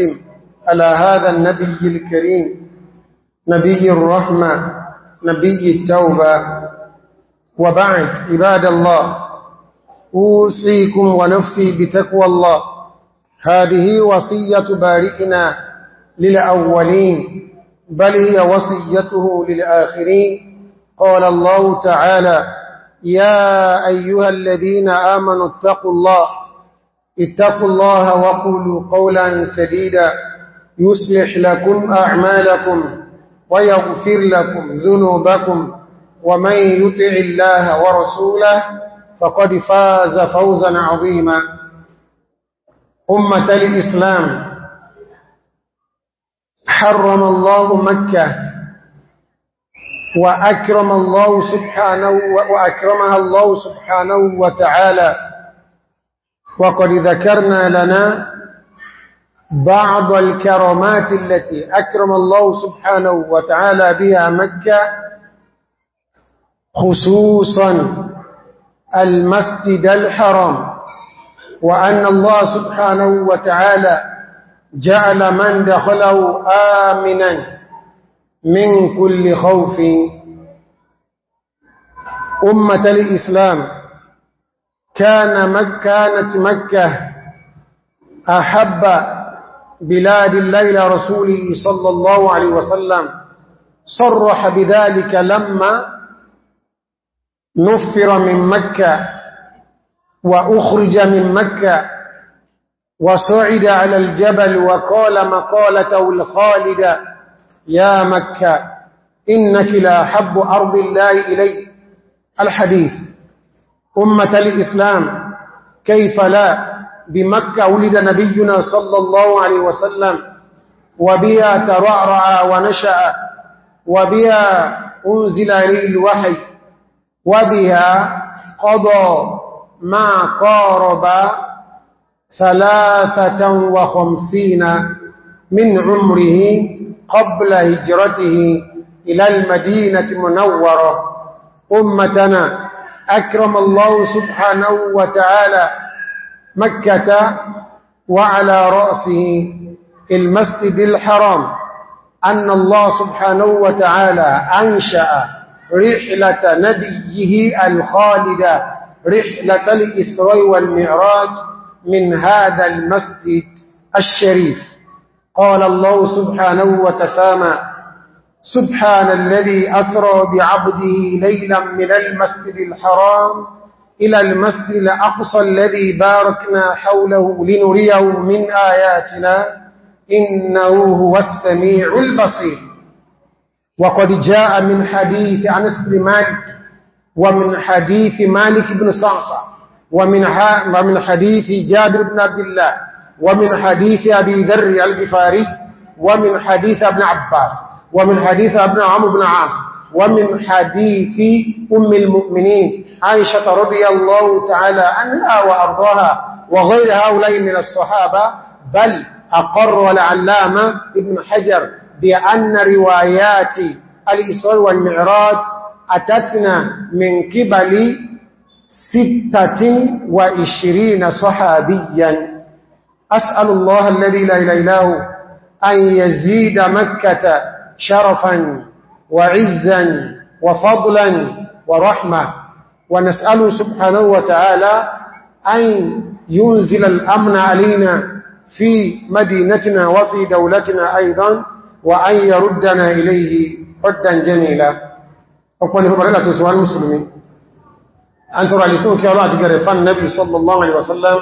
وسلم على هذا النبي الكريم نبي الرحمة نبي التوبة وبعد عباد الله أوصيكم ونفسي بتكوى الله هذه وصية بارئنا للأولين بل هي وصيته للآخرين قال الله تعالى يا أيها الذين آمنوا اتقوا الله اتقوا الله وقولوا قولا سديدا يصلح لكم أعمالكم ويغفر لكم ذنوبكم ومن يطع الله ورسوله فقد فاز فوزا عظيما أمة الإسلام حرم الله مكة وأكرم الله سبحانه وأكرمها الله سبحانه وتعالى وقد ذكرنا لنا بعض الكرامات التي أكرم الله سبحانه وتعالى بها مكة خصوصا المسجد الحرام وأن الله سبحانه وتعالى جعل من دخله آمنا من كل خوف أمة الإسلام كان مك كانت مكة أحب بلاد الله إلى رسوله صلى الله عليه وسلم صرح بذلك لما نفر من مكة وأخرج من مكة وصعد على الجبل وقال مقالته الخالدة يا مكة إنك لا حب أرض الله إلي الحديث أمة الإسلام كيف لا بمكة ولد نبينا صلى الله عليه وسلم وبها ترعرع ونشأ وبها أنزل لي الوحي وبها قضى ما قارب ثلاثة وخمسين من عمره قبل هجرته إلى المدينة منورة أمتنا أكرم الله سبحانه وتعالى مكة وعلى رأسه المسجد الحرام أن الله سبحانه وتعالى أنشأ رحلة نبيه الخالدة رحلة الإسراء والمعراج من هذا المسجد الشريف قال الله سبحانه وتسامى سبحان الذي أسرى بعبده ليلا من المسجد الحرام إلى المسجد الأقصى الذي باركنا حوله لنريه من آياتنا إنه هو السميع البصير وقد جاء من حديث عن اسم مالك ومن حديث مالك بن صعصع ومن, ومن حديث جابر بن عبد الله ومن حديث أبي ذر الغفاري ومن حديث ابن عباس ومن حديث ابن عمرو بن عاص ومن حديث أم المؤمنين عائشة رضي الله تعالى عنها وأرضاها وغير هؤلاء من الصحابة بل أقر العلامة ابن حجر بأن روايات الإسراء والمعراج أتتنا من قبل ستة وعشرين صحابيا أسأل الله الذي لا إله إلا هو أن يزيد مكة شرفا وعزا وفضلا ورحمة ونسأل سبحانه وتعالى أن ينزل الأمن علينا في مدينتنا وفي دولتنا أيضا وأن يردنا إليه ردا جميلا أقول لكم رأينا تسوى المسلمين أن ترى لكم كيولات قرفان النبي صلى الله عليه وسلم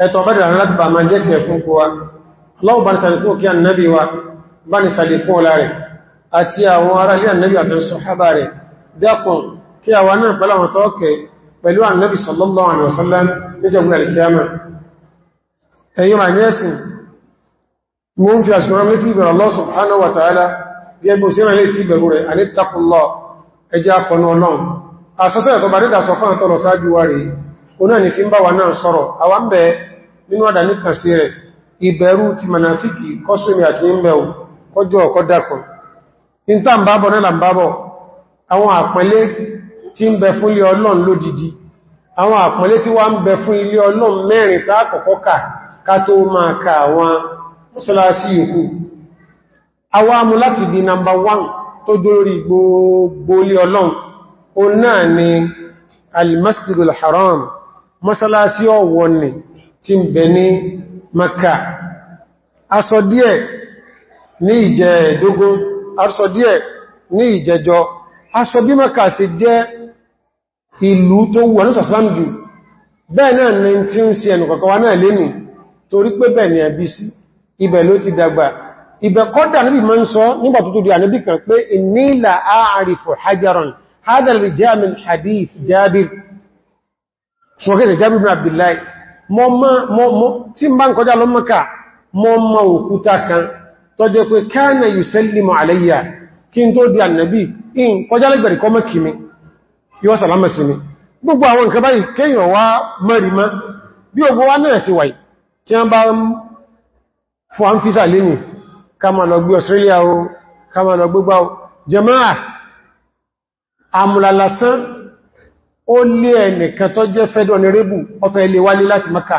أتوبر أن نتبع من يكون فنكوا الله بارك لكم كيان النبي وقال bá ní sàlékún ọlá rẹ̀ àti àwọn ará ilé ànẹ́bì àtàrí sọ̀hábà rẹ̀ dákùn kí àwọn náà pẹ̀lú àwọn tọ́ọ̀kẹ́ pẹ̀lú ànẹ́bì sallallahu alaihi wasallam níjọ̀gbìn alìkíyàmà ẹ̀yìn ma ní ẹ̀sìn mú ń fi àṣìwọ́n Allah subhanahu wa ta'ala bí ẹgbẹ́ òṣèrè létí ìbẹ̀rù rẹ̀ àní takùnlọ ẹjẹ́ akọ̀nà ọlọ́run àṣọ́tọ̀ ẹ̀kọ́ bàrídà sọ fún àtọ́lọ sáájú wa rí oná ní fi ń bá wa náà sọ̀rọ̀ àwa kọjọ́ ọ̀kọ́ dákùn in tá ń bábọ̀ náà bábọ̀ àwọn àpẹẹlé tí ń bẹ fún ilé ọlọ́run lódidi àwọn àpẹẹlé tí wá ń bẹ fún ilé ọlọ́run mẹ́rin tá ka àwọn mọ́sálásí yòókù àwọn amú láti di nàmbà 1 tó dórí gbogbo ilé ọlọ́run ó náà ni al-masjidul haram mọ́sálásí ọ̀wọ́ ni tí ń bẹ ní Makka aṣọ díẹ̀ ní ìjẹ ẹ̀dógún aṣọ díẹ̀ ní ìjẹjọ aṣọ bí Mẹ́kà ṣe jẹ́ ìlú tó wù ní sàṣàlám jù bẹ́ẹ̀ náà ní tí ń ṣe ẹnu kọ̀kọ̀wà náà lẹ́nu torí pé bẹ́ẹ̀ ni ẹbí sí ibẹ̀ ló ti dàgbà ibẹ̀ kọ́dà níbi mọ́ ń sọ nígbà tó tó di ànábì kan pé ìnílà àárífò hajjaron hadal rijamin hadith jabir ṣwọ́kẹ́sẹ̀ jabir bin abdullahi mọ́ tí ń bá ń kan tó jẹ́ pé kana yusallimu alayya kí n tó di annabi in kọjá lẹ́gbẹ̀rẹ̀ kọ́ mẹ́kì mi yíwọ́ sàlámà sí mi gbogbo àwọn nǹkan báyìí kéèyàn wá mẹ́rin bí ogun wá náà sí wáyìí tí wọ́n bá fún án físà lẹ́nì kama lọ gbé Australia kama lọ gbogbo jẹmáà àmùlàlásán ó lé ẹnìkan tó jẹ́ fẹ́dọ̀ ní rébù ọfẹ́ ilé wálé láti Maka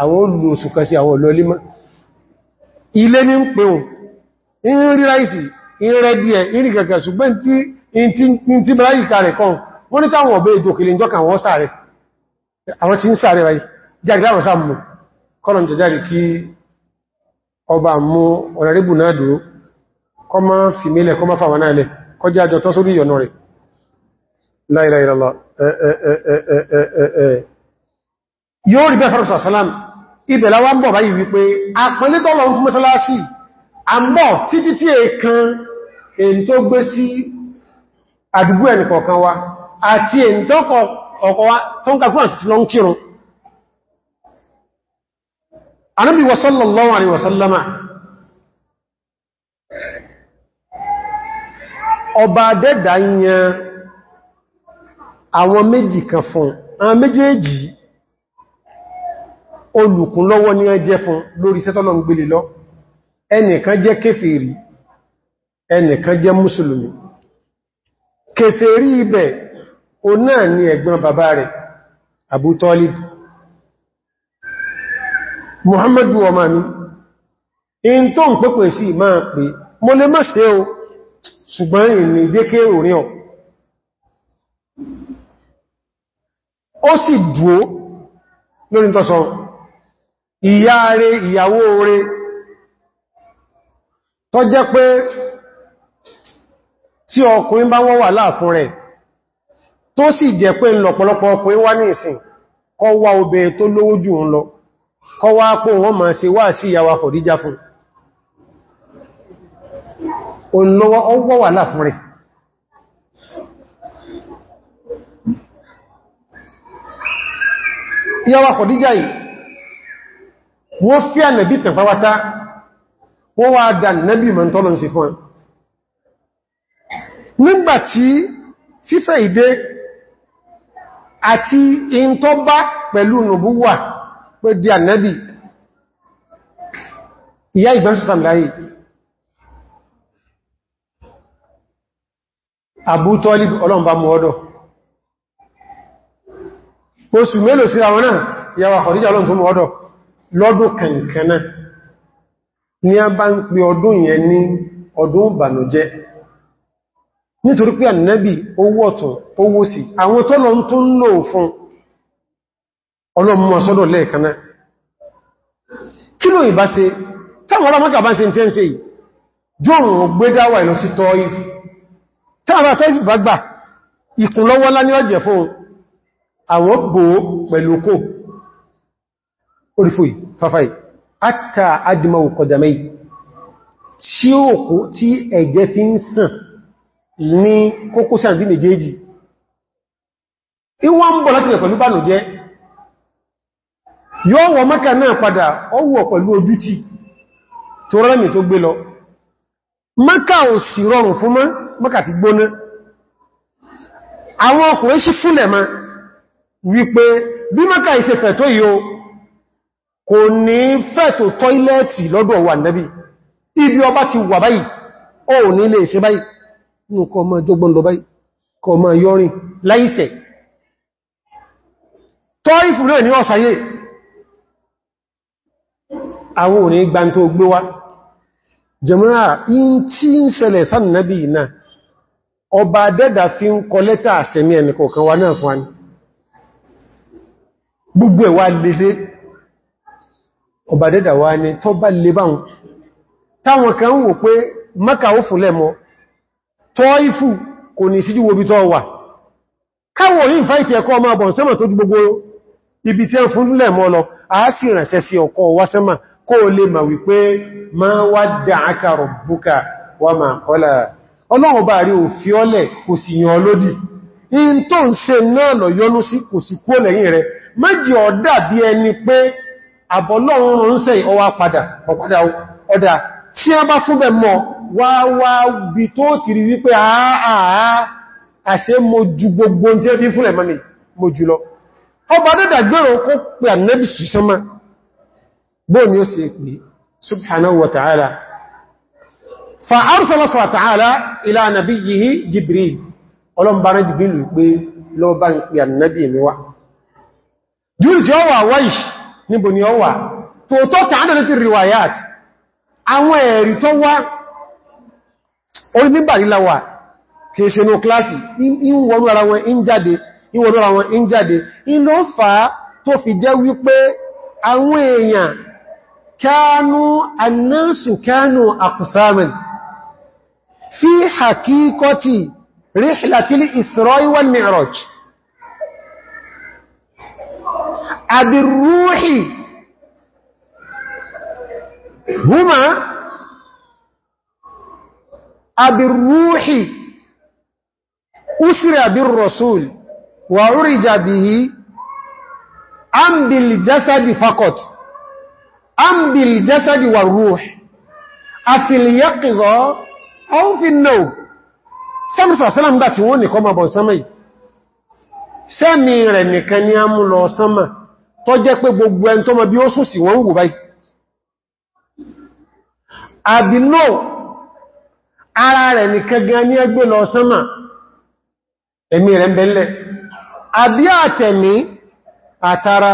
àwọn olù oṣù kan sí àwọn olólímọ́ ilé ní ń pè ohun in rí ráìsì in rẹ díẹ̀ in kẹ̀kẹ̀ ṣùgbọ́n tí bẹ̀rẹ̀ ìkà rẹ̀ kan wọ́n ní táwọn ọ̀bẹ̀ ètò kìlì ìjọ kan wọ́n sáré àwọn eh eh eh eh eh eh eh eh kọjá yóò rí bẹ́fẹ́rù sàṣálàm ibẹ̀lá wá ń bọ̀ báyìí wípé àpẹẹlẹ́tọ́lọ̀ fún mẹ́sálásì àmọ́ títí tí è kan èyí tó gbé sí àdúgbò ẹni kọ̀ọ̀kan wa àti èyí tó kọ̀ọ̀kọ̀ wa tó ń kàkúrà títí lọ olùkún lọ́wọ́ ní ẹjẹ́ fún lórí sẹ́tọ́lọ̀ ń gbélé lọ ẹnìkan jẹ́ kéfèrí ẹnìkan jẹ́ mùsùlùmí kéfèrí ibẹ̀ o náà ni ẹ̀gbọ́n bàbá rẹ̀ Abu Talib Muhammadu ọmọ mi in tó ń pẹ́pẹ́ sí máa pè mo lè má ṣe o ṣùgbọ́n ìní jẹ́ kéèrò rí ó sì dúó lórí tọ́sọ̀rọ̀ ìyá rẹ̀ ìyàwó rẹ̀ tó jẹ́ pé tí ọkùnrin bá wọ́n wà láàfún rẹ̀ tó sì jẹ́ pé lọ̀pọ̀lọpọ̀ ọkùnrin wá ní ìsìn kọ́ wá tó lówó jù ń lọ kọ́ wá pò wọ́n sí fún ìyàwó wọ́n fí ànàbí tẹ̀fàwátá wọ́n wá dà nẹ́bí mọ̀ tọ́lọ̀ ń ṣe fún ẹ̀ nígbàtí fífẹ́ ìdé àti ìntọ́bá pẹ̀lú nùbúwà pé di ànẹ́bì ìyá ìgbẹ́sùsàm láyé àbútọ́lì ọlọ́mbà mú ọdọ̀ oṣù mélòó sí àwọn náà ìyàwó àkọ̀díjà ọlọ́n tó lọ́dún kankaná ni a bá ń pè ọdún yẹn ní ọdún ìbànújẹ́ nítorí pé ànábì owó ọ̀tọ̀ owó sí àwọn tó lọ tó ń lò fún ọlọ́mọ sọ́dọ̀ lẹ́ẹ̀kaná kí ló ìbá ṣe táwọn ará mọ́kà bá ń ṣe tẹ́ ń ṣe àwọn gbòó pẹ̀lú kò orífòì fàfàì àtà adìmọ̀wò kọ̀dàmẹ́ì tí òkú tí ẹ̀jẹ̀ fi ń sàn ní kókó sàndí méjèèjì ìwọ́n ń bọ̀ láti rẹ̀ pẹ̀lú bánù jẹ́ yóò wọ mẹ́kà náà padà ọwọ́ pẹ̀lú ojútì tó rẹ́mì tó gbé lọ mẹ́kà ò sì rọrùn fún ti gbóná àwọn ọkùnrin kò ní fẹ́tò tọ́ílẹ̀tì lọ́dọ̀ wà nẹ́bí ibi ọba ti wà báyìí ó ní ilé ìṣẹ́ báyìí ní kọ ma jọgbọ́n lọ báyìí kọ ma yọrin láìsẹ̀ tọ́ífù náà ní ọ̀sáyé àwọn òní gbántó gbé wá jẹmọ́ra in tí ń ṣẹlẹ̀ sáà nẹ́bí náà ọba dẹ́dà fi ń kọ lẹ́tà àṣẹmí ẹnìkọ̀ọ̀kan wa náà fún wa ní gbogbo ẹ̀wà lèdè ọba dẹ́dà wá ní tó bá lè wọn táwọn kan wò pé maka ó fún lẹ́mọ tọ́ ìfù kò ní síjú wobi tọ́ wà káwọn ní ìfáìtì ẹ̀kọ́ ọmọ gbogbo ibi tí ẹ fún lẹ́mọ lọ a sì rẹ̀sẹ̀ sí ọkọ̀ wá sẹ́mà kó lè mà wípé ma wa ma qala ọlọ́run bá rí òfin àbọ̀lọ́run ń sẹ́ ọwá padà ọ̀padà ọ̀dà tí a bá fún bẹ̀mọ̀ wà wà bí tó ti rí wípé àáàá àṣẹ mo ju gbogbo tí ẹ fi fúnlẹ̀ mo jù lọ ọba dẹ́dà gbẹ̀rọ kó fa ila tí ó wà níbo ni ó wà tó tó tààdà ti riwayat àwọn ẹ̀rí tó wá orí nígbàríláwà kìí ṣe ní kíláàsì ìwọ̀nú ara wọn ń jáde ìwọ̀nú ara wọn ń jáde inú fà tó fi jẹ́ wípé àwọn èèyàn kánú annáṣù kánú àkùsámin fi hakíkọtì rihlatil àbìrúhì húmá àbìrúhì úsìrì àbìrúrọ̀súl wà orí jàbìhì ámbìl jásádì fakọt ámbìl jásádì wà rúhì àfìlìyàkìrọ̀ ọ́nfin náà sẹ́mùsọ̀ sẹ́lẹ̀mdà tí wọ́n nìkan mọ̀ bọ̀ sánmà yìí sẹ́mì rẹ̀ nìkan ni a mú lọ sánmà tó jẹ́ pé gbogbo ẹn tó mọ̀ bí ó sùn sí wọ́n ń wò báyìí àbínú ara rẹ̀ nìkan gan ní ẹgbẹ́ lọ sánmà ẹ̀mí rẹ̀ ń bẹ̀lẹ̀ àbí àtẹ̀mí àtara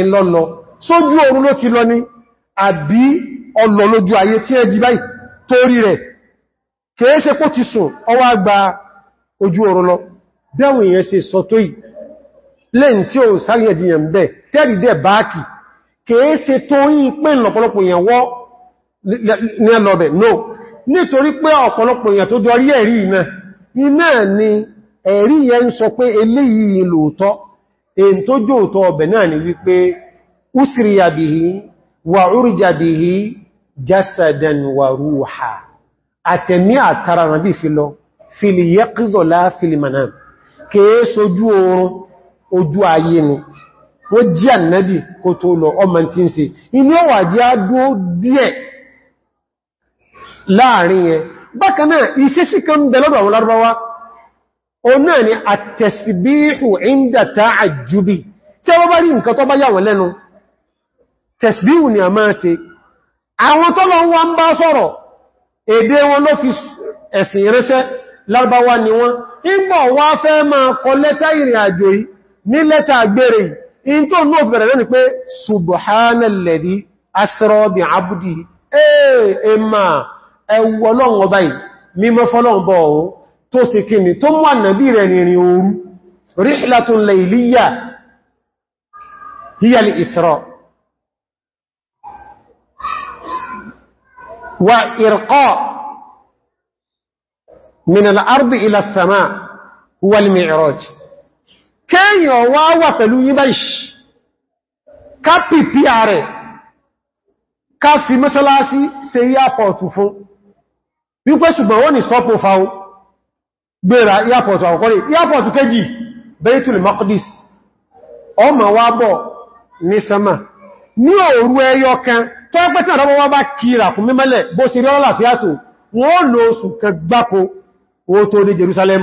ìlọ́lọ sójú oorun ló ti lọ ní àbí ọlọ lójú ayé tí ẹ jí báyìí torí rẹ̀ ojú lọ bẹ́wọ̀n ìyẹn lẹ́yìn tí ó sáré ẹ̀dìyàn bẹ́ tẹ́rìdẹ̀ báàkì kèé ṣe tó yí pé lọ̀pọ̀lọpọ̀ èèyàn wọ́ ní ẹlọ́bẹ̀ no nítorí pé ọ̀pọ̀lọpọ̀ èèyàn tó dọrí ẹ̀rí iná iná ni ẹ̀rí yẹn ń sọ pé eléyìí lóòtọ́ bihi wa bihi wa fi lọ kèé sojú oorun ojú ayé ni wọ́n jí ànẹ́bì kò tó lọ ọmọ tí ń ṣe inú ọwà jẹ́ àdúó díẹ̀ láàrin yẹn bákanáà iṣẹ́ kan àwọn lárúbáwá o náà ni àtẹ̀sìbíhù ìndà tí a bá rí nǹkan tó bá yà wọ́n lẹ́nu tẹ̀sìbíhù ni a máa ní lẹ́ta agbèrè in tó ní òfìbẹ̀rẹ̀ lónìí pé subhanalladhi asra bi abdi ee emma ẹwọ lọ́wọ́ báyìí mímọ́ fọ́lọ́wọ́ bọ̀ ọ́ tó sì kìnnì tó mú ànàbí rẹ̀ nìrin òru rihlatun layliyya hiya al-isra wa irqa min al-ardi ila as-sama' huwa al-mi'raj kéèyàn wá wà pẹ̀lú yín báyìí ká pìpì ààrẹ ká fi mọ́sálásí ṣe yápọ̀tù fún wípé ṣùgbọ́n wọ́n ni stop of how yápọ̀tù yápọ̀tù kejì Maqdis ọmọ wá bọ̀ ní sama ní òru ẹyọ kan tó pẹ́ tí àrọ́wọ́ Jerusalem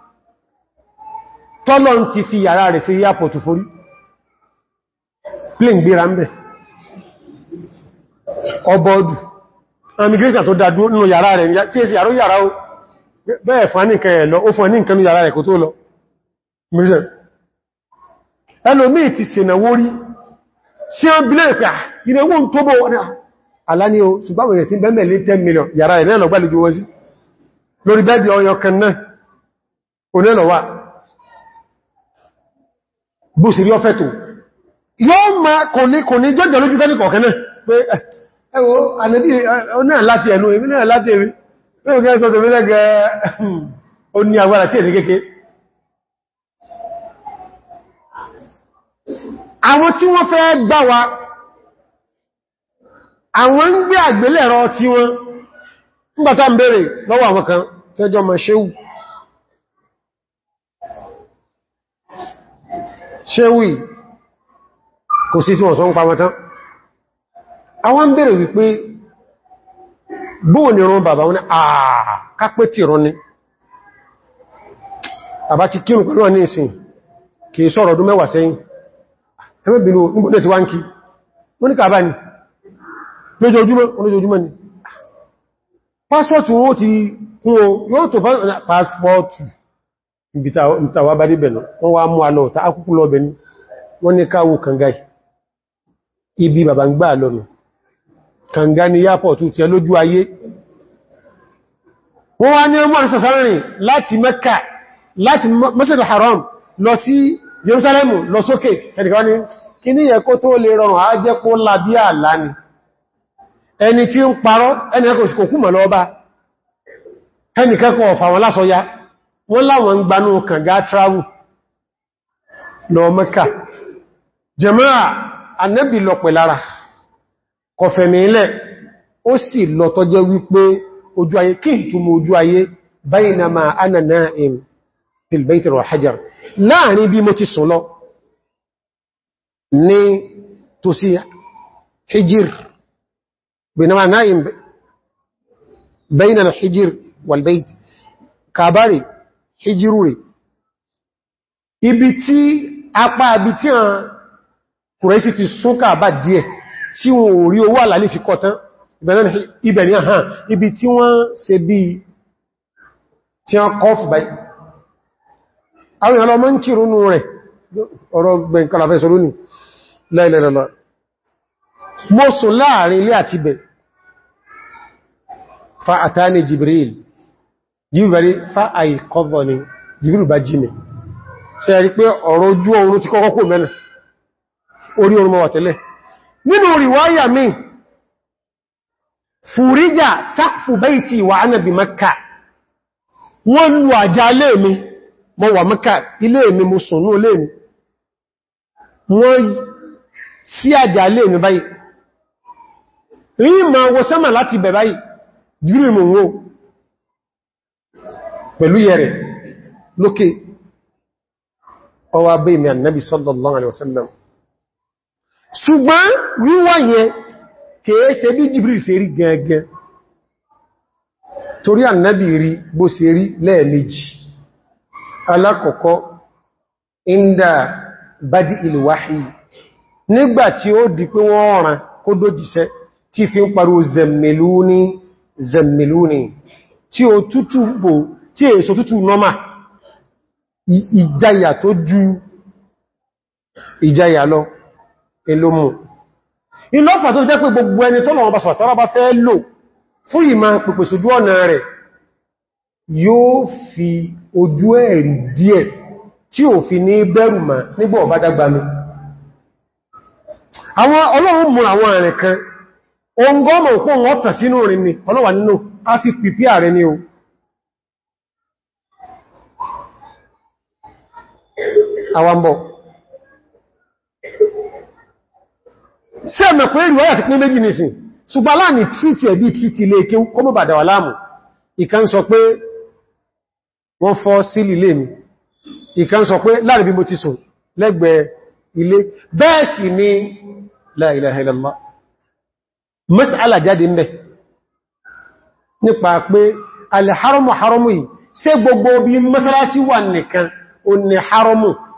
tọ́lọ ń ti fi yàrá rẹ̀ sí airport forí plane gbéra ń bẹ̀ ọbọ̀ọdù immigration tó dádú nínú yàrá rẹ̀ tí è sí yàrá yàrá ó bẹ́ẹ̀ fún ní nǹkan ẹ̀lọ ó fún ní nǹkan yàrá rẹ̀ kò tó lọ ẹlòmíì ti sènàwó rí ah, ah, o ṣùgbọ́n èyàn tí bẹ́mẹ̀ lé 10 million yàrá ẹ̀ náà lọ gbálejò wọ́n sí lórí bẹ́ẹ̀dì bó sì rí ọfẹ́ tó yóò ma kò ní kò ní jọ́jọ́ lójú fẹ́ nìkọ̀ kẹ́nà pé eh, ẹwọ́ ànẹ́bí náà láti ẹnu èmi náà láti èmi pé òkè sọ tèmi lẹ́gẹ́ ó ní agbára tí èsì kéèké àwọn tí wọ́n fẹ́ gbá wa àwọn ń gbé àgbélẹ̀rọ ṣéwì kò sí tí wọ́n sọ ń pa wọn tán àwọn ń bèèrè wípé bóò ní rán bàbá wọn àà kápẹ́ tí rán ní àbá ti kírùn pẹ̀lú wọn ìsìn kìí ọdún mẹ́wàá sẹ́yìn wọ́n ti kún o yóò tó ìgbìtàwà bá débẹ̀ náà wọ́n wá mú alọ́ ta akúkú lọ́bẹ̀ ní wọ́n ní káwò kàngáì ibi bàbá ń gbà lọ́nà kàngá ní yápọ̀tù tí ẹ lójú ayé wọ́n wá ní ọmọ ìsọ̀sọ́rin láti Mẹ́kà láti Masjidul Haram lọ sí Jerusalem lọ sókè ẹnìkan kò fàwọn lásọ ya wọ́n láwọn gbanú kànga travel lọ Mẹ́kà jẹmọ́ra anẹ́bì lọ pẹ̀lára kọfẹ̀mì ilẹ̀ ó sì lọ tọ́jẹ́ wípé ojú ayé kí ìtumọ̀ ojú ayé bainama ana na'im fil bayt hajar láàrin hijir bainama na'im bainal hijir wal bayt kabari hijiru rẹ̀ ibi tí apá ibi tí àwọn kùrẹ́sì ti súnkà bá díẹ̀ tí wọn ò rí owó àlàlé fi kọtán ibẹ̀ ní àhán ibi tí wọ́n ṣe bí tí wọ́n kọfù báyìí àwọn ìrànlọ́mọ́ ń kìrúnú rẹ̀ ọ̀rọ̀ gbẹ̀ǹkàlàfẹ́ sọ lónìí láìlẹ́lẹ́lá mo sùn láàrin Jibril jíbìbàrí fa'aì kọ́bọ̀ ni jíbìrì bá jí mi ṣe rí pé ọ̀rọ̀ ojú oorun ti kọ́kọ́ kò mẹ́lẹ̀ orí oorun mọ́wà tẹ́lẹ̀ nínú ríwáyà mi fúríjà sáfù bẹ́ìtì wà ánàbì maka wọ́n lù àjá ilé mi mọ́ wà mo sùn ní olé wọ́n sí àjá ilé báyìí rí ma wọ sẹ́mà láti bẹ̀ báyìí jíbìrì mọ̀ wọ́n pẹ̀lú yẹ̀rẹ̀ lókè ọwà bẹ́ ìmì annabi sallallahu alaihi wasallam ṣùgbọ́n wíwá yẹn kèé ṣe bí jibril ṣe rí gẹ́gẹ́ torí annabi rí bó ṣe rí lẹ́ẹ̀mejì alákọ̀ọ́kọ́ inda badi ilwahi nígbàtí ó di pé wọ́n rán kó dójíṣẹ́ tí fi ń parú zemmiluni zemmiluni tí ó tútù bò tí èso tútù nọ́mà ìjáyà tó ju ìjáyà lọ elómù ìlọ́fà tó jẹ́ pé gbogbo ẹni tọ́lọ̀ wọn bá sọ̀tọ́rọ bá fẹ́ lò fún ìmá pèpè sójú ọ̀nà rẹ̀ yóò fi ojú ẹ̀rí díẹ̀ tí ò fi ní bẹ̀rù mà nígbà ọ̀bá àwọn ọlọ́run mú àwọn ààrẹ kan ohun gọ́ọ̀mọ̀ òpó wọn sínú rìn ni ọlọ́wà nínú á fi pìpí ààrẹ ni o àwambọ̀ sí ẹ̀mẹ̀ pé ìrù wáyà ti pín méjì nìsìn ṣùgbọ́n láàrin tríti ẹ̀bí tríti ilé kí kó mọ́ bàdàwà láàmù ìkan sọ pé wọ́n fọ́ sílì ilé mi ìkan sọ pé láàrin bí mo ti sùn lẹ́gbẹ̀ẹ́ ilé bẹ́ẹ̀ sì ni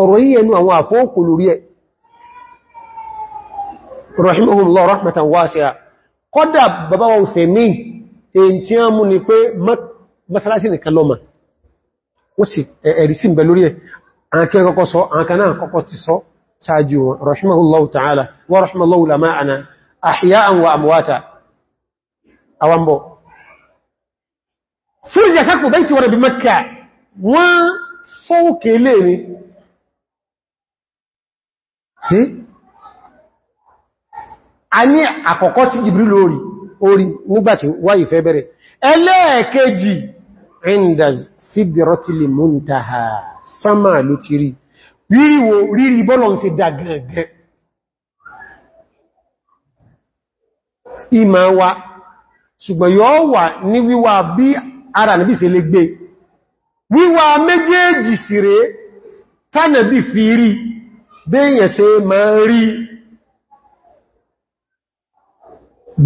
ọ̀rọ̀ yí ẹnu àwọn àfóòkù lórí ẹ̀ rahimahullah rahmatan wasi'a kọ́dà bàbá wa Uthaymin èyí tí a mú ni pé masalasi nìkan lọ́mà ó sì ẹ̀rí sí ìbẹ̀ lórí ẹ̀ àkẹ́ kọ́kọ́ sọ àkaná kọ́kọ́ ti sọ sáájú wọn rahimahullah wọ́n rẹ̀ bí Makkah wọ́n fọ́ọ̀kẹ́ lè ní Hmm? a ní àkọ́kọ́ tí Jibril lórí orí nígbàtí wáyé fẹ́ bẹ̀rẹ̀ ẹlẹ́ẹ̀kejì indaz sidratil muntaha sánmà ló ti rí ríríwò rírí bọ́lọ̀ ń fi dà wa ṣùgbọ́n yóò wà ní wíwà bí ara nàbí gbé wíwà méjèèjì sí rẹ̀ tánàbí fi rí béèyàn ṣe máa rí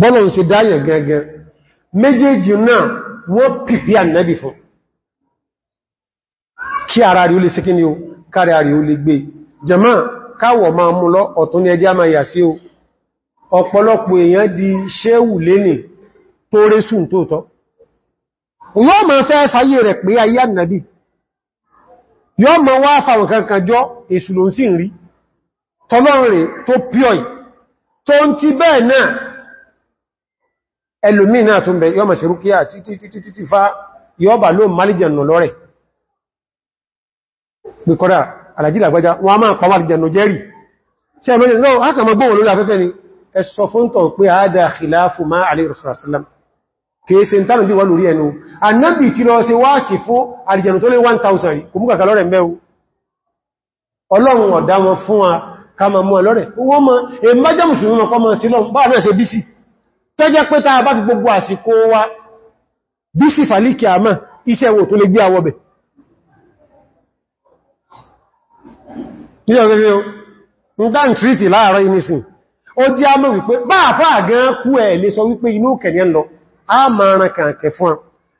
bọ́lọ̀ ṣe dáyẹ̀ gẹ́gẹ́ méjèèjì náà wọ́n pìpí ànẹ́bì fún kí ara rí ó lè síkí ni ó kárí àrí ó lè gbé jẹmọ́ káwọ̀ máa mú lọ ọ̀tún ní ẹjẹ́ máa yà sí o ọ̀pọ̀lọpọ̀ èèyàn di ṣéwù lénì tó résùn tóòtọ́ yọ́ ma fẹ́ fàyè rẹ̀ pé ayé ànàbì yọ́ ma wá fàwọn kankan jọ èsù ló ń sì rí tọ́lọ́rin tó píọ̀ì tó ń ti bẹ́ẹ̀ náà ẹlòmí náà tó ń bẹ yọ́ mọ̀ sí rúkíyà títí fa yọ́ bà ló málìjànà lọ́rẹ̀ bíkọ́dá alàjílà gbájá wọ́n a máa pa málìjànà jẹ́rì tí a mẹ́rin náà haka mọ́ gbóhùn lórí afẹ́fẹ́ ni ẹsọ fún tọ̀ pé a dá khilafu ma alẹ́ rasulallah kìí se tánà bí wọ́n lórí ẹnu annabi ọlọ́run ọ̀dá wọn fún wa kama mú ọlọ́rẹ̀ owó mọ́ ẹmọ́jẹ́ mùsùlùmí mọ́ kọmọ sí lọ́n bá rẹ̀ ṣe bísì tó jẹ́ pé ta bá fi gbogbo àsìkò wa bísì fàlíkì àmà iṣẹ́ wo tó lè gbé àwọ̀bẹ̀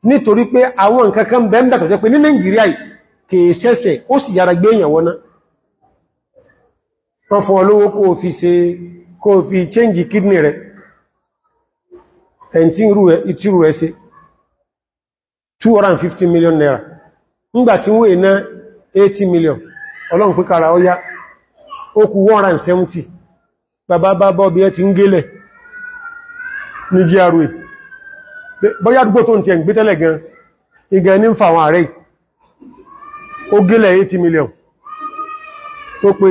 nítorí pé àwọn nǹkan kan bẹ́ẹ̀ ń dàtọ̀ jẹ́ pé ní Nàìjíríà kèèṣẹ́ṣẹ́ ó sì yára gbé èèyàn wọná wọ́n fún olówó kó fi ṣe kó fi change kidney rẹ̀ ẹ̀ntí ìtìrù ẹ̀ 250 million naira nígbàtí wọ́n èná 80 million ọlọ́run pé kára ọya ó kù 170 bàbá bá bọ́bí ẹ ti ń gélẹ̀ ní gra bọ́yá dúgbò tó ń ti ẹ̀gbé tẹ́lẹ̀ gan igan ní ń fa àwọn ó gélẹ̀ 80 million tó pé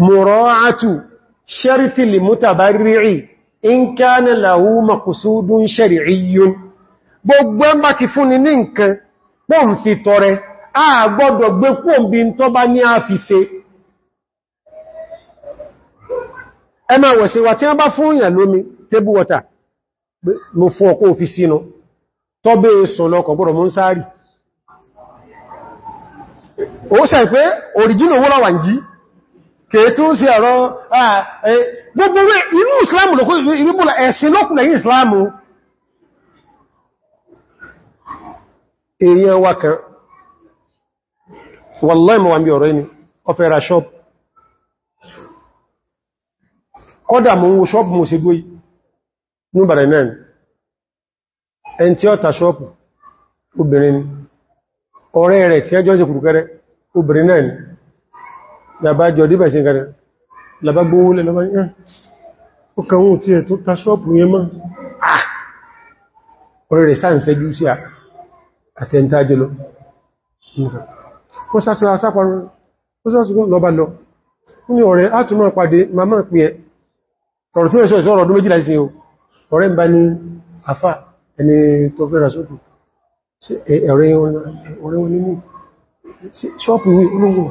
mụrụ شرط المتبرع إن كان له مقصود شرعي gbogbo ẹmbà ti fún ni ní nǹkan ń fi tọrẹ a gbọ́dọ̀ gbé kúrò bí n tọ́ bá ní a fi wẹ̀sẹ̀ wà tí wọ́n bá fún ìyàn lómi tébù wọ́ta mo fún ọkọ̀ òfi sínú kèétún sí ọ̀rọ̀ gbogbo inú islamu lókó ìrúbùlà ẹ̀sìn yìí islamu èèyàn wá kan wallahi mọ̀ wà ní ọ̀rọ̀ ẹni ọfẹ́ ra ṣọ́pù kọ́dà mọ̀ wo ṣọ́pù mọ̀ sí gbóyí ní bàrẹ̀ náà ẹn tí ó ta ṣọ́pù obìnrin ọ̀rẹ́ bàbá jọ díbẹ̀ sí gẹ̀rẹ̀ làbá gbówó lẹ́ lọ́bá yẹn eh, ó kàwọn tí ẹ̀ tó ta ṣọ́ọ̀pù yẹn mọ́ ah! ọ̀rẹ́ rẹ̀ sáà ń sẹ́jú sí àtẹ́ntájọ lọ wọ́n sásọ́ asáparun ó sọ́sùgbọ́n lọ́bá lọ ní ọ̀rẹ́ átùmọ̀ pàdé mamá pín ẹ ọ̀rọ̀ tún ẹ̀ṣọ́ ìṣọ́rọ̀ ọdún méjìlá ìsìn ọ̀rẹ́ ń bá ní àfà ẹni tó fẹ́ ra sókù ọ̀rẹ́ wọn ní mú ṣọ́pù ìwé olóngbò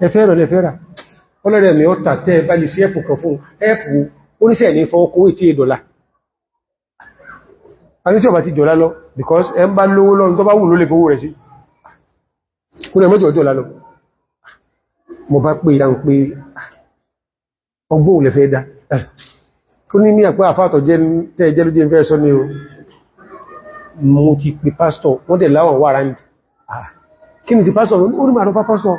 ẹfẹ́ràn lẹ́fẹ́rà ọlọ́rẹ̀ mi ọ́ta tẹ́ bá lè sí ẹ̀fù kan fún ẹ̀fù oníṣẹ́ ní fọwọ́kówé tí èdọ́lá a ní tí ọba ti jọlá lọ because ẹ ń bá lówó lọ́run tó bá wù ló lè fowó rẹ̀ sí kúrẹ̀ mọ́jọ jọlá lọ mo bá pé ya ń pé ọgbóhùn lẹ́fẹ́ dá tó ní ní àpá àfáàtọ̀ tẹ́ jẹ́ lójú ìfẹ́ sọ ní o mo ti pè pásítọ̀ wọ́n dẹ̀ láwọn wà ráńdì ah, kí ni ti pásítọ̀ onímọ̀ àrọ́pá pásítọ̀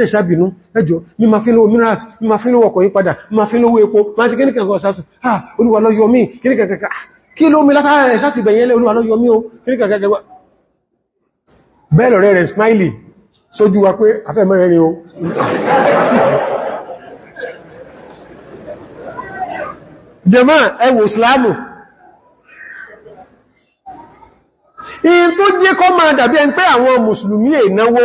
ṣe ìṣàbìnú ẹjọ́ ní ma fi lówó minerals ní ma fi lówó ọkọ̀ yí padà ma fi lówó epo ma ti kíníkà kan sásù ah olúwa lọ yọmí kíníkà kàkà kí ló mi látàrà rẹ̀ sáti o kíníkà kàkà smiley sójú wa pé afẹ́ mẹ́rẹ̀ ni o jàmá ẹwò islamu in tó jẹ́ kọ́ máa dàbí ẹn pé àwọn mùsùlùmí ènáwó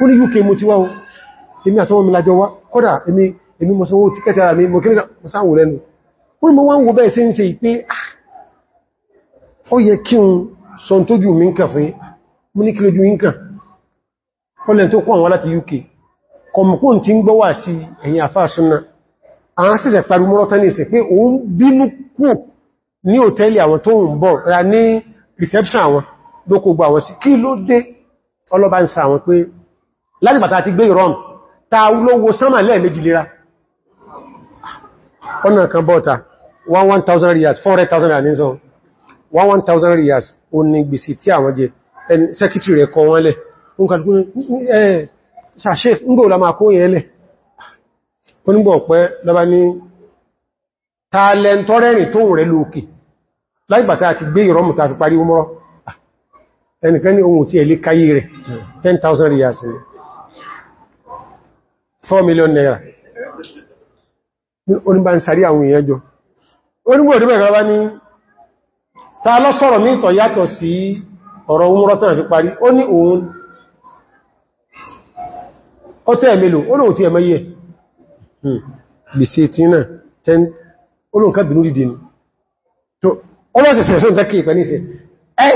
ó ní UK mo ti wá ohun èmi àtọwọ́ mi lájọ wá kọ́dà èmi mọ̀sánwó tí kẹta mi mọ̀ kí mo sáwò lẹ́nu ó ní mo wá ń wo bẹ́ẹ̀ sí ń ṣe pé ah, ó yẹ kí n sọ tójú mi ń kà fún mú ní kílójú ń kà tó kọ́ àwọn láti UK kọmọkún ti ń gbọ́ wà sí ẹ̀yìn àfáàsúnná àwọn sísẹ̀ parí mọ́rọ́tán ní ìsẹ̀ pé òun bínú kú ní òtẹ́lì àwọn tó ń bọ̀ ra ní reception àwọn lókògbà àwọn sí kí ló dé ọlọ́bá ń sa àwọn pé láti bàtà ti gbé ìrọ̀n ta olówó sánmà lẹ́ẹ̀mejì lera ọ̀nà kan bọ́ta 1,000 riyas 400,000 riyas ní sọ 1,000 riyas o ní gbèsè tí àwọn jẹ sẹ́kítì rẹ̀ kọ wọ́n lẹ̀ ṣàṣẹ́ ńgbò la máa kó yẹn lẹ̀ onígbò pẹ́ lọ́bá ní tààlẹ́ntọ́rẹ́rìn tó rẹ̀ lóòkè láìbàtà àti gbé ìrọ̀mù ta fi parí umrọ́ ẹnìkan ní ohun tí ẹ̀lé káyé rẹ̀ 10,000 riyas ni 4 million naira orin ba n sari awon eyan jo orin bo ribe gaba ni ta lo soro ni to yato si oro umurota na fi pari o ni ohun o te emelo o lo ti emeye hmm bi se ti ten o lo nkan binu ridin to o lo se se so n teki ipe ni se e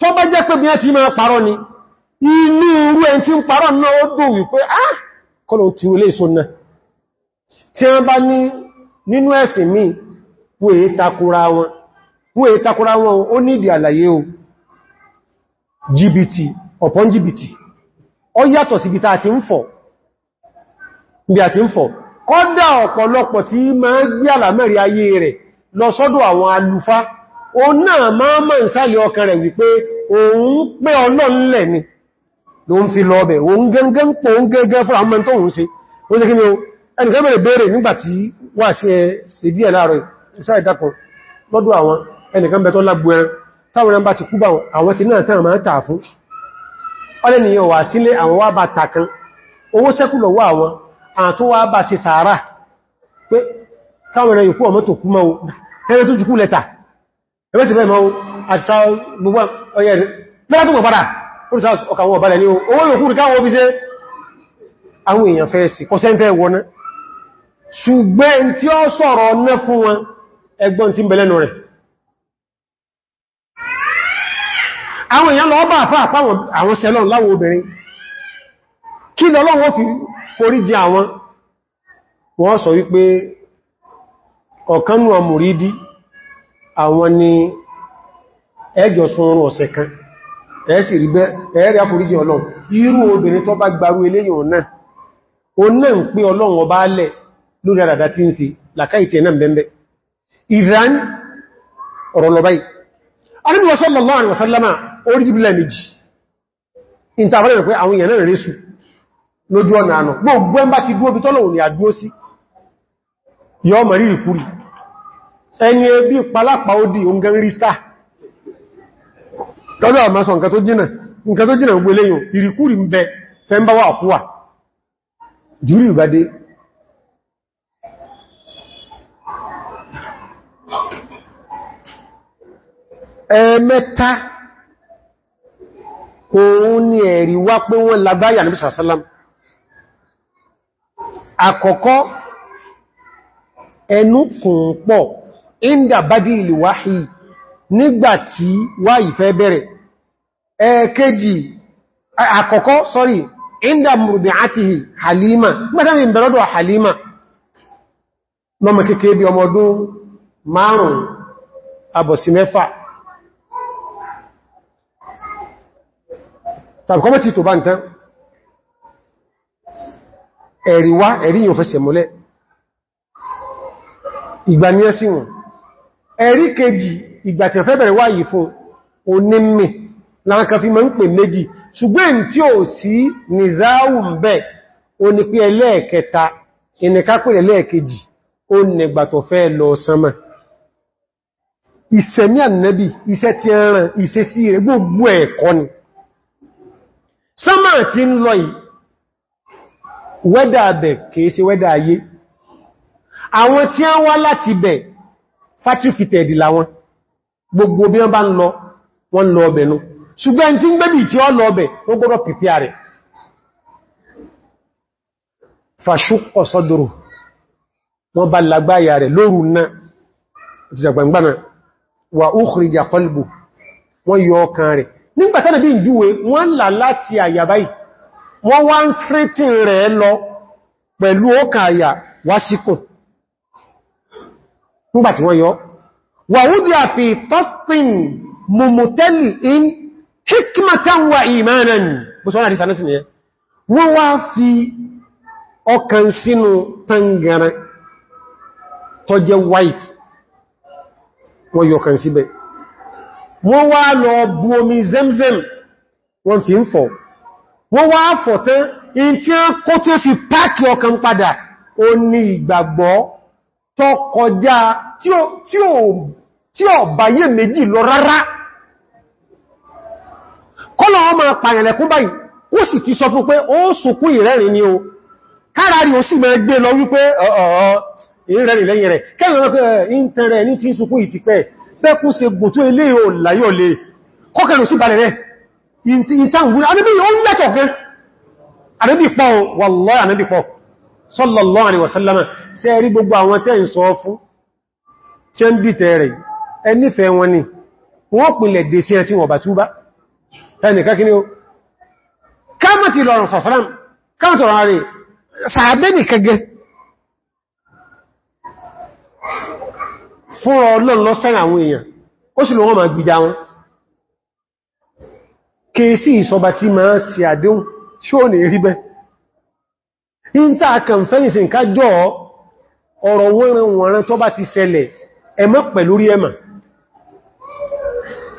to ba je pe bi yan ti ma paro ni inu uru en na o do kọ́lọ̀ tí ó lè sọ́nà tí wọ́n bá ní nínú ẹ̀sìn mi wọ́n takura wọn wọ́n takura wọn ó nídi àlàyé o jìbìtì ọ̀pọ̀ jìbìtì ó yàtọ̀ sí bíta àti ti ń fọ̀ kọ́dá ọ̀pọ̀lọpọ̀ tí máa àlàmẹ́rí ayé rẹ̀ lọ sọ́dọ̀ àwọn alufa òun náà máa mọ̀ ìsàlẹ̀ ọkàn rẹ̀ wípé òun pé ọlọ́nlẹ̀ ni ló ń fi lọ́ọ̀bẹ̀ òun gẹ́gẹ́ ń pọ̀ òun gẹ́gẹ́ fún àwọn tó ń ṣe ó sì kí ni ẹnìkan bẹ̀rẹ̀ bẹ̀rẹ̀ nígbàtí wà sí ẹ sí díẹ̀ láàrọ̀ ìsáìdákan lọ́dọ̀ àwọn ẹnìkan bẹ̀ tó lágbó ẹran táwọn ẹran bá ti kúbà àwọn ti náà tẹ́ràn máa ń tà fún ọlẹ́ nìyàn wà sílé àwọn wá bá takan owó sẹ́kù lọ wá àwọn àwọn tó wá bá ṣe sàárà pé táwọn ẹran ìkú ọmọ tó kú mọ́ tẹ́rẹ tó jùkú lẹ́ta ẹgbẹ́ gbogbo padà púrùsáàsì ọkàwọ̀ ọ̀bálẹ̀ ní owó yòókù káwọn obi ṣe àwọn èèyàn fẹ́ sí kò sẹ́ntẹ́ wọná ṣùgbẹ́n ntị ó sọ̀rọ̀ ọ̀nà wọn àwọn èèyàn láwọn obìnrin kí lọ́lọ́wọ́ fi forí jẹ àwọn wọ́n sọ wípé ọ̀kanú àwọn ni ọ̀sẹ̀ kan ẹ̀ẹ́sì rí bẹ́ ẹ̀ẹ́rẹ́ àforíjì ọlọ́run irú obìnrin tó bá gbarú eléyìn ọ̀nà ọ̀nà ń pín ọlọ́run ọba alẹ́ lórí àdàdà tí ń ṣe làkáìtì ẹ̀nà bẹ̀m̀bẹ̀ ìran ọ̀rọ̀lọ́báì ẹni ẹbí palápa ó dì oúnjẹ rí stáà lọ́dọ̀ àmá sọ nǹkan tó jìnà nǹkan tó jìnà gbé léyìn ìrìkúrì ń bẹ fẹ́ ń bá wà kúwà jùrí ìbádé ẹ̀mẹ́ta òun ni ẹ̀rí wá pé wọ́n lágbáyà níbi sàásálám àkọ́kọ́ ẹnú kùn pọ̀ nígbàtí ti ìfẹ́ bẹ̀rẹ̀ ẹ̀ẹ̀kejì àkọ́kọ́ sọ́rí inda murdi'atihi halima mẹ́tàmì ìbẹ̀rọ̀dọ̀ halima lọ́mọ kékeré bí ọmọ ọdún márùn-ún àbọ̀sí mẹ́fà tàbí kọ́mọ̀ eri ìgbàtí ọ̀fẹ́ bẹ̀rẹ̀ wá yìí fún onímì láwọn kan fi mọ́ ń pè méjì ṣùgbọ́n tí ó sí nìzáhùn bẹ́ o ní pé ẹlẹ́ẹ̀kẹta ìnìkápẹ̀lẹ̀ lẹ́ẹ̀kejì ó nìgbàtọ̀ fẹ́ lọ sánmà ìṣẹ̀mí ànẹ́bì iṣẹ́ ti ẹran iṣẹ́ sí rẹ̀ gbogbo ẹ̀kọ́ ni sánmà ti ń lọ yìí wẹ́dà bẹ̀ kìí ṣe wẹ́dà ayé àwọn tí wọ́n wá láti bẹ̀ fatrifited làwọn gbogbo bí wọ́n bá ń lọ wọ́n lọ ọbẹ̀ nú ṣùgbọ́n tí ń gbébì tí ó lọ ọbẹ̀ ó gbọ́rọ̀ pìpì rẹ̀ fàṣúkọ̀ sọ́dọ̀rọ̀ wọ́n bá lágbáyà rẹ̀ lóru náà ti dàgbàngbàna wà ukhrija qalbu wọ́n yọ ọkàn rẹ̀ nígbàtánà bí ìjúwe wọ́n nígbàtí wọ́n yọ ووضع في طست ممتلئ حكمة وإيمانا بسوانا حديث عنه سنية ووافي ọkàn sínú tangaran tó jẹ́ white wọ́n yọ ọkàn síbẹ̀ wọ́n wá lọ bu omi zemzem wọ́n fi ń fọ̀ wọ́n wá fọ̀ tán in tí a kó tí ó fi páàkì ọkàn padà ó ní ìgbàgbọ́ tó kọjá tí ó tí ọ̀bá yé méjì lọ rárá kọ́lọ̀ ọmọ pàyẹ̀lẹ̀kún báyìí kó sì ti sọ fún pé ó sùkún ìrẹ́rìn ni o káràrí oṣù mẹ́ gbé lọ wípé ọ̀ọ̀ ìrẹ́rìn lẹ́yìn rẹ̀ kẹ́rìn rẹ̀ pé ìntẹ̀rẹ̀ ní tí sùkún ìtì pẹ́ pẹ́kún se gùn tó ilé ò láyọ̀ lè kọ́kẹ̀rẹ̀ ẹnífẹ́ wọn ni wọ́n pìnlẹ̀ dé sí ẹtí wọ̀n bà túbá ẹnìkan ó káàmàtì lọ́rùn sàsàrán káàmàtì lọ́rùn rẹ̀ nìkẹgẹ fún lọ sẹ́rẹ̀ àwọn èèyàn ó ma wọn ọ̀rọ̀ wọ́n rán wọ́n rán tó bá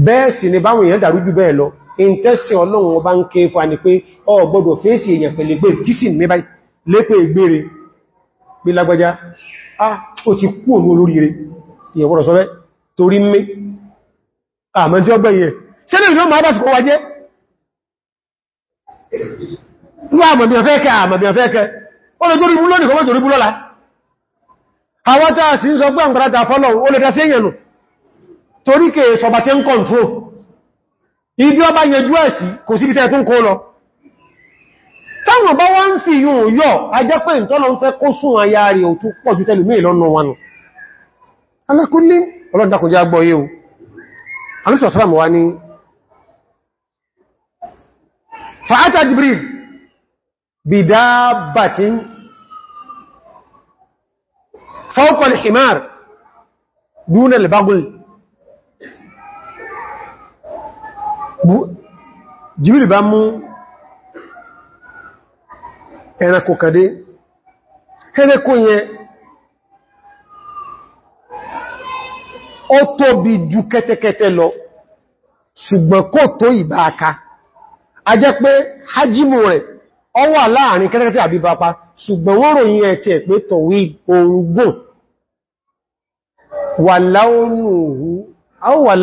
bẹ́ẹ̀ sì ni báwọn èèyàn dàrú jù bẹ́ẹ̀ lọ in tẹ́sí ọlọ́run ọba ń ké fún ni pé ọ gbọ́dọ̀ fèsì èèyàn pẹ̀lẹ̀gbẹ̀ tí sì mẹ́bá lépè ìgbére pé lágbàjá ah ó ti kú òun olórí rẹ̀ ìyẹ̀wọ́rọ̀ sọ́bẹ́ torí mẹ́ àmọ́ tí ó gbẹ̀yẹ̀ sẹ́lẹ̀ ìlú ọmọ àbásìkò wa jẹ́ wọ́n àmọ̀bíọ̀fẹ́kẹ́ àmọ̀bíọ̀fẹ́kẹ́ ó lè torí mú lónìí kọmọ́ torí mú lọ́la àwọn tàà sí sọ torí kèé sọba tí ń kọ̀ntró ibi ọba yẹjú ẹ̀sì kò sí ìtẹ́ tún kó lọ táwọn bá wọ́n ń fi yóò yọ ajẹ́pẹ́ ìtọ́lọ ń fẹ́ kó sún aya rẹ̀ ò tún pọ̀ jù tẹ́lù mí lọ́nà wọn alákúnlé ọlọ́dàkùnjẹ́ agbọ́ yíò alúsọ̀sọ́rọ̀mù wá ní fa'ata Jibril bidabatin fawqa al-himar duna al-baghl Jibril bá mú ẹranko kàdé ẹranko yẹn ó tóbi ju kẹtẹkẹtẹ lọ ṣùgbọ́n kò tó ìbáaka a jẹ́ pé hajjimu rẹ̀ ọ wà láàrin kẹ́tẹ́kẹ́tẹ́ àbí bapa ṣùgbọ́n wọ́n ròyìn ẹ̀ pé tọ̀wí ohun wà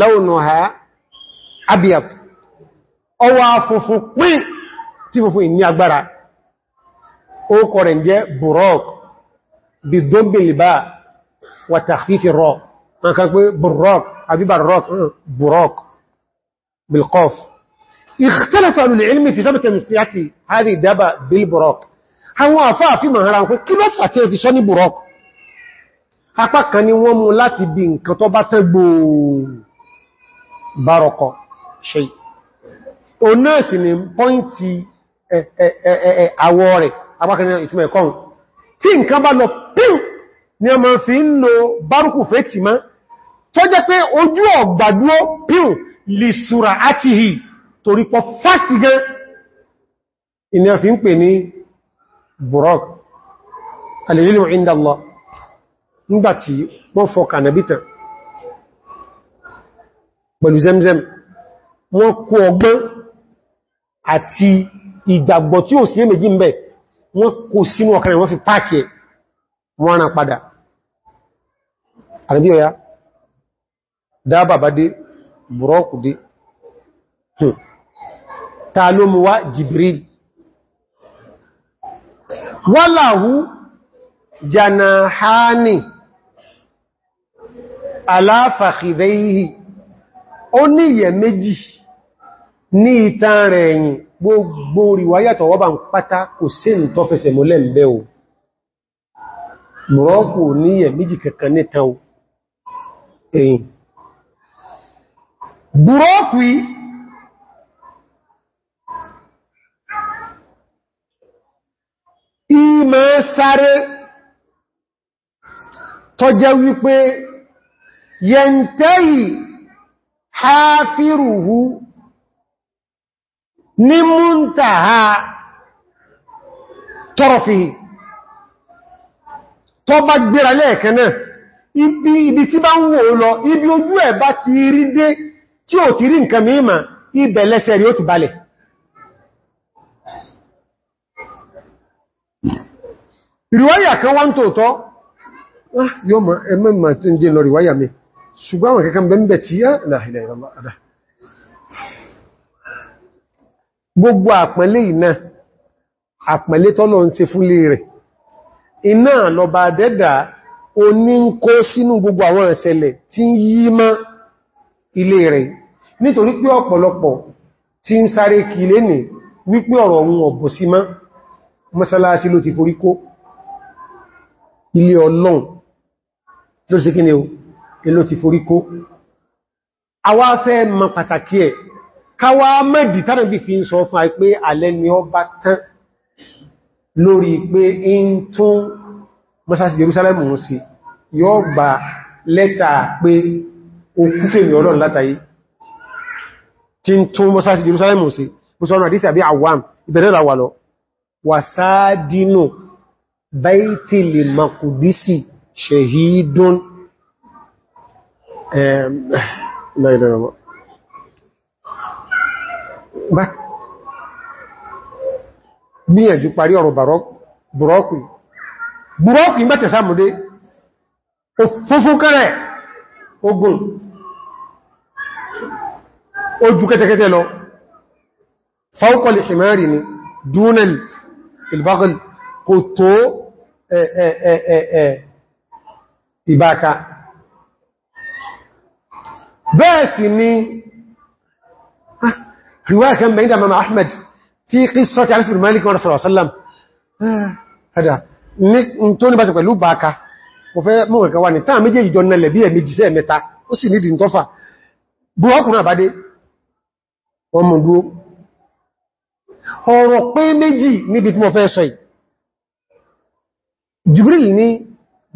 láónù ha abiyat ọwọ́ afúnfún pín tí fúnfún ìní agbára ó kọrẹ̀ jẹ́ burok bí dóngbìlìbá wà tàfífì rọ ma kan pé burok àbíbà rọk burok bilkof ìtẹ́lẹ̀fẹ́ alùlẹ̀ ilmi fi sábẹ̀kẹ̀ mìsíyàtì hàrí dábà bil burok àwọn àfáàfí ma hara pé kí ló fàtẹ́ fi sọ ní burok apá kan ni wọ́n mú láti bí nǹkan tó bá tẹ́gbòó bárọkọ̀ ṣe o náà sì ni pọ́ìntì awọ rẹ̀ apákanáà ìtumọ̀ ẹ̀kọ́ tí nǹkan bá lọ pín ni a máa fi ń lo bárùkù fẹ́tì má tó jẹ́ pé ojú ọ̀gbàdúó pín lè àti hì torí pọ̀ fásì gan ìní a fi ń pè ní buraq alìlú àti ìgbàgbọ́ tí ó sí èméjì ń bẹ wọ́n kò sínú ọ̀kàrẹ̀ wọ́n fi páàkì ẹ̀ wọ́n rán padà àrẹ́bí ọ̀yá dábàbá dé burọ́kù dé hmm. ta ló mú wá Jibril wọ́láhú janahani aláfàkìdẹ́ yìí ó ní ìyẹ́ méjì ní ìtàn rẹ̀ ẹ̀yìn gbogbo ríwáyàtọ̀ wọ́bà ń pátá kò sí ń tọ́fẹsẹ̀ mọ́lẹ̀ ń bẹ́ o mọ̀rọ́kù ní ẹ̀ méjì kankan ní tán ẹ̀yìn búrọ́kù ìmọ̀ sáré tọ́jẹ́ wípé yẹntẹ́yì hafiruhu ní múntàhá tọ́rọfì tó bá gbéra lẹ́ẹ̀kẹ́ náà ibi ibi tí bá ń wò lọ ibi ojú ẹ̀ bá ti rí dé tí ò ti rí nǹkan mímọ̀ ibẹ̀ lẹ́sẹ̀ rí ó ti balẹ̀ ríwáyà kan wá ń tòótọ́ ah, yóò mọ̀ ẹmẹ́mà tó ń jẹ́ lọ ríwáyà mi ṣùgbọ́n àwọn kẹkàn bẹ́m̀bẹ̀ tí yá láàrín ìrànlọ́ gbogbo àpẹẹlẹ iná àpẹẹlẹ tọ́lọ ń ṣe fúnlé rẹ̀ iná lọba dẹ́dà o ní ń kó sínú gbogbo àwọn ìṣẹ̀lẹ̀ tí ń yí mọ́ ilé rẹ̀ nítorí pé ọ̀pọ̀lọpọ̀ tí ń sáré kí lé ní wípé ọ̀rọ̀ ohun ọ̀bọ̀ sí káwà mẹ́dì tánà bí fi ń sọ fún àìpé alẹ́ ni ọ bá tán lórí pé in tún mọ́sásí Jerusalem ń sí yóò gba lẹ́tà pé okú fèmì ọlọ́run látàyé tí ń tún mọ́sásí Jerusalem sí mọ́sánà àdísì àbí àwàm ìbẹ̀rẹ̀ ra gbíyànjú parí ọ̀rọ̀ bùrọ́kù bùrọ́kù ìgbẹ́tẹ̀ sáàmùdé òfúnfún kẹrẹ ogun ojú kẹtẹkẹtẹ lọ fáúkọlì ìmẹ́rì ni dúnẹ̀lì ìlbágọlì kò tó ìbáka bẹ́ẹ̀ sì ni رواية كان بعيدة أمام أحمد في قصة عرس بن مالك ورسول الله صلى الله عليه وسلم هذا nítorí bá ṣe pẹ̀lú bàákà mo fẹ́ mọ́ ìrìnkà wà ní táà méjèèjì jọ nílẹ̀ bí ẹ̀mí jíṣẹ́ mẹ́ta ó sì nídìí tọ́fà bú ọkùnrin àbádé wọ́n mú dúó ọ̀rọ̀ pé méjì níbi tí mo fẹ́ sọ yìí Jibril ní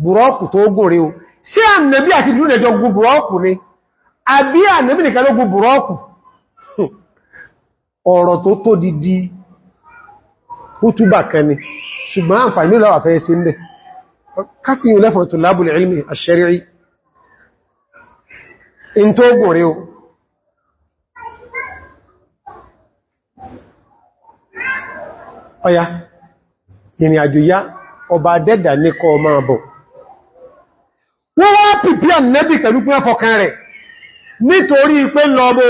bùrọ́kù tó gùn rí o ṣé ànẹ́bí àti ìlú nẹjọ gùn bùrọ́kù ni àbí ànẹ́bí nìkan ló gùn bùrọ́kù ọ̀rọ̀ tó tó didi hútúbà kẹni ṣùgbọ́n àǹfààní lọ́wà fẹ́ sí ilẹ̀ káfíyàn lẹ́fọn tó lábùl ilmi àṣẹ́rí in tó gùn rí o ọya ìrìn àjò yá ọba dẹ́dà ní kọ máa bọ̀ wọ́n wá pìpí ànẹ́bì pẹ̀lú pẹ́ fọkàn rẹ̀ nítorí pé lọ́bọ̀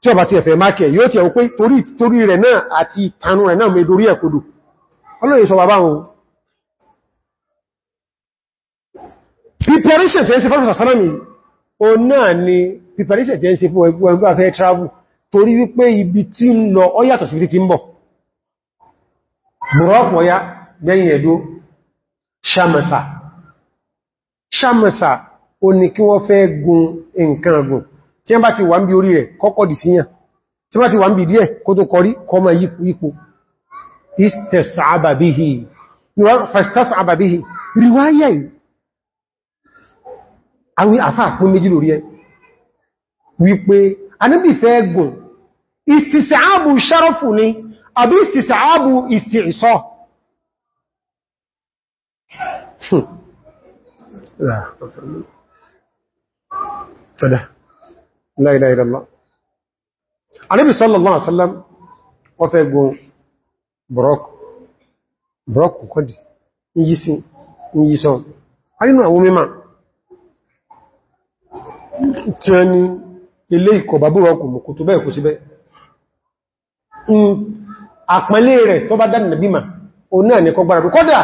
tí ọba ti ẹ̀fẹ̀ mákẹ̀ yóò ti ẹ̀wọ́ pé torí torí rẹ̀ náà àti ìtanú rẹ̀ náà mẹ́dorí ẹ̀kodò ọlọ́yìn sọ bàbá wọn preparation tí ẹ ń ṣe fún sàsánàmì o náà ni preparation tí ẹ ń ṣe fún ẹgbẹ́ travel torí wípé ibi tí ń lọ ọ yàtọ̀ sí ti ń bọ̀ burọ́pọ̀ ya gbẹ̀yìn ẹ̀dó tí wọ́n bá ti wà ń bí orí rẹ̀ kọ́kọ́ dì síyàn tí wọ́n ti wà ń bí díẹ̀ kó tó kọrí kọmọ yípo istas'aba bihi riwaya yìí àwọn àfá àpún méjì lórí ẹ wípé anábì fẹ́ gùn istis'abu sharafu ni àbí istis'abu isti'sa Fada. la ilaha illallah Ànábì sallallahu alaihi wasallam ó fẹ́ gun burọ́kù burọ́kù kọ́dì yísí yísán arínú àwọn mímọ̀ tí a ní ilé ìkọ̀ bàbúrọ̀kù mùkù tó bẹ́ẹ̀ kò síbẹ̀ àpẹẹlẹ́ rẹ̀ tó bá dánà bí ma o náà ní kọgbàrà kódà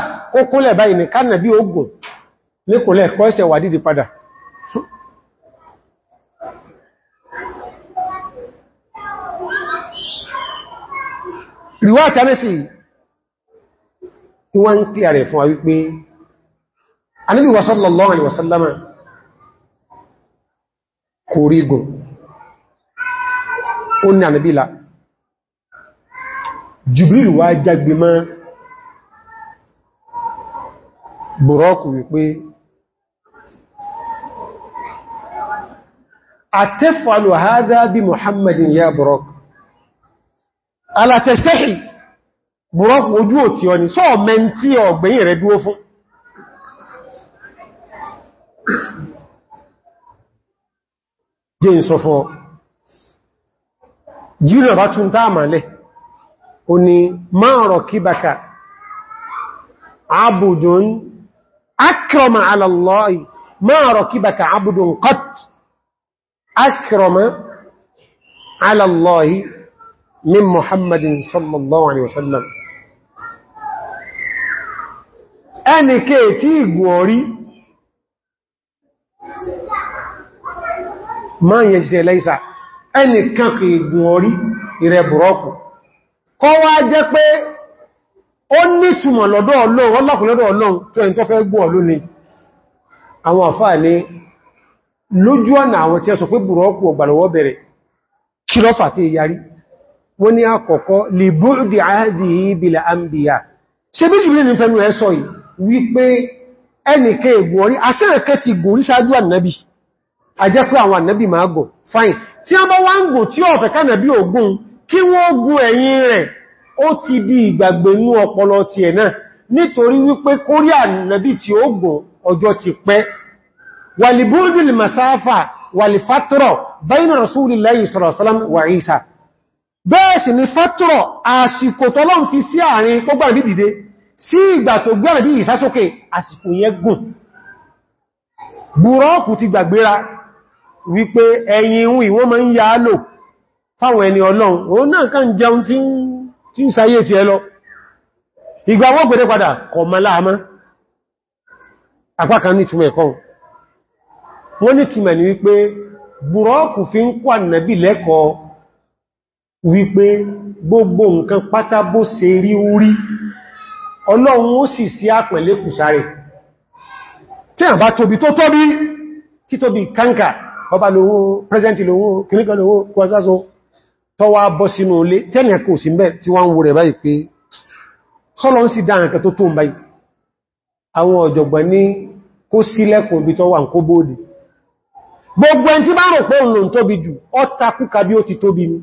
ríwá àtàmẹ́sì tí wọ́n ń kí ààrẹ fún wa wípé Ànábì wa sallallahu alaihi wa sallama kò rí gùn ó ní ànàbílá Jibril wá jágbé mọ́ bùrọ́kù wípé àtẹ́fàlù hádá bí Muhammadin ya bùrọ́kù alátẹ́sẹ́hì buru ojú òtí ọni sọ mẹ́ntí ọ̀gbẹ̀yìn rẹ̀ dúó fún jẹ́ ìsọfọ́ jíra bá tún o ni máa kí baka abùdùn akrọ̀mà alàlọ́ì máa kí abùdùn alàlọ́ì من محمد صلى الله عليه وسلم ẹni kéètí ìgùn orí máa yẹ ṣe lẹ́ìsà ẹni kankan ìgùn orí ìrẹ̀ burọ́kù kọ́ wá jẹ́ pé ó ní túmọ̀ lọ́dọ̀ ọlọ́run ọlọ́kùn lọ́dọ̀ ọlọ́run tó ẹni tó fẹ́ gùn ọlú ni àwọn àfáà wọ́n ní àkọ́kọ́ lè bóòdì àádì ìbìlà àmbìyà ṣe bí ní fẹ́nu ẹ sọ wípé ẹnìkẹ́ asẹ́rẹ̀kẹ́ ti gòrí sáájú ànàbì àjẹ́ àwọn máa gọ̀ fine tí a bá wọ́n gò tí ọ̀fẹ́ kánàbí ògùn kí wọ́n gun ẹ̀yìn rẹ̀ ọpọlọ na nitori ti bẹ́ẹ̀sì ni fẹ́tọ̀rọ̀ àsìkò tọ́lọ́n fi sí àárín gbogbo àbí dìde sí ìgbà tó gbẹ̀rẹ̀ bí ìsásókè àsìkò yẹn gùn búrọ́ọ̀kù ti gbàgbéra wípé ẹ̀yìn ihun ìwọ́n ma ń ya lò fáwọn ẹni ọlọ́run òun náà kàn jẹun tí ń sayé ti ẹ lọ ìgbà wọ́n gbẹ̀rẹ̀ padà fi ń kọ́ ànàbì lẹ́kọ̀ọ́ wípé gbogbo nǹkan pátá bó ṣe rí orí ọlọ́run ó sì sí àpẹ̀lẹ́ kùsàrẹ̀ tí a bá tóbi tó tóbi tí tóbi kánkà ọba lówó lówó kìníkà lówó tọwa bọ́ sínú olé tẹ́lẹ̀ kò sí mẹ́ tí wọ́n wúrẹ̀ báyìí pé sọ́lọ́ ń sì dá tó báyìí àwọn gbogbo ẹni tí bá pé òun lòun tóbi jù ọ́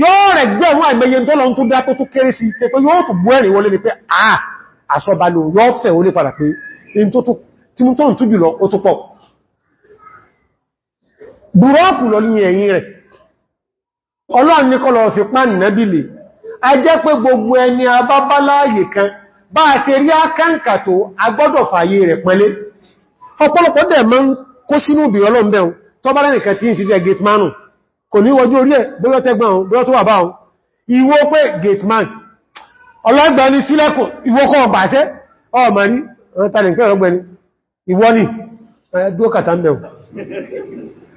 yóò rẹ̀ gbẹ́ wọn àìmẹ́yẹ tó lọ tó dá tó tó kéré sí pé pé yóò tó bú ẹ̀rìn wọlé ní pé àà àṣọ́balò yóò fẹ̀ olè padà pé in tó tí mú tọ́n tó jùlọ ó tó pọ̀ búrọ́pù lọ ní ẹ̀yìn rẹ̀ ọlọ́run ní kọlọ̀ fi pán nẹ́bìlì a jẹ́ pé gbogbo ẹni abábáláyè kan bá a ṣe rí ákáǹkà tó kò ní wọjú orí ẹ̀ bóyọ́ tẹ́gbọ́n ohun bóyọ́ tó wà báhùn ìwọ pé gateman ọlọ́gbà ní sílẹ̀kùn ìwọ kọ́ ọ̀bà ṣẹ́ ọmọ ní ọ̀tàlẹ̀ nǹkan ọ̀gbẹ̀ni ìwọ ni ẹgbókàtà ń bẹ̀rù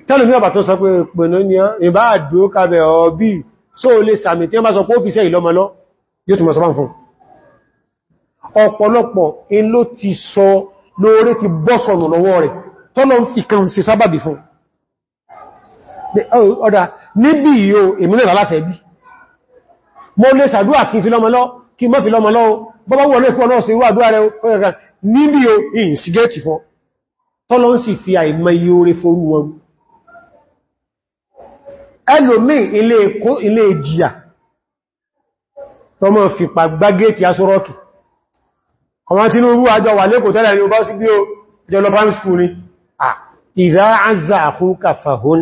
tẹ́lù ní ọ̀bà tó sọ pé pẹ̀lú ní ìbá àdókàbẹ̀ ọ̀bí só lè sàmì tí wọ́n bá sọ pé ó fi sẹ́ ìlọ́mọlọ́ yóò túnmọ̀ sọ bá ń fún ọ̀pọ̀lọpọ̀ in ló ti sọ lóore ti bọ́sọ̀nù lọ́wọ́ rẹ̀ tọ́lọ́ fi kan sí sábàbì fún ọ̀dá níbi yíò ìmúlẹ̀ aláṣẹ́ bí mo lè sàdúwà kí fi lọ́mọlọ́ kí mọ́ fi lọ́mọlọ́ bọ́bá wọ́n lè kú ọ̀nà sí ìwàdúwà rẹ̀ ọ̀gá níbi yíò ìyìn sí gẹ́ẹ̀tì fọ́ tọ́lọ́ sì fi àìmọ̀ yíò rẹ̀ fórú wọn ẹlòmí ilé ìjìyà tọmọ fi pa gbágẹ́ẹ̀tì asọ́rọ́kì àwọn tí ní orú àjọ wà lẹ́kọ̀ọ́ tẹ́lẹ̀ ni ó bá sí bí ó jẹ́ lọ primary school ni ìdá àzà àkókà fàhún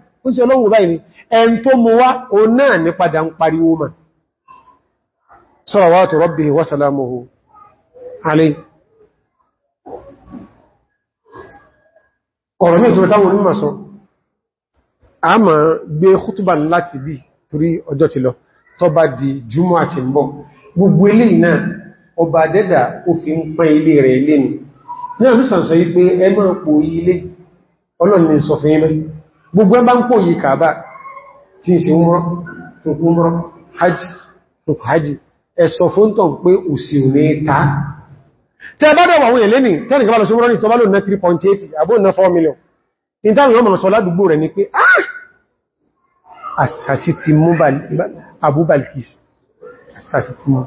ó sí ọlọ́run báyìí ni ẹn tó mú wá o náà ní padà ń pariwo mà salawatu rabbihi wa salamuhu alayhi ọ̀rọ̀ ní ìtòrò táwọn onímọ̀ sọ a ma gbé kútùbà láti bí torí ọjọ́ ti lọ tó bá di jùmọ́ àti ń gbogbo ilé náà ọba dẹ́dà ó fi ń pẹ́ ilé rẹ̀ ilé ni ní àmìsàn sọ yí pé ẹgbẹ́ òpó ilé ọlọ́ni sọ fún ilé gbogbo ẹmbá ń pò yí kàbá tí ń ṣe umrọ́ tókù umrọ́ hajj tókù hajj ẹ̀sọ̀ fóntọ̀ pé òsì òní ta tẹ́ bá dọ̀wà àwọn èlé ní tẹ́nì kí bá lọ sí umrọ́ ní 3.8 àbó ná 4 million ní táwọn yóò mọ̀ sọ ládùgbò rẹ̀ ni pé ah! àṣàṣì ti mú abúbalkis àṣàṣì ti mú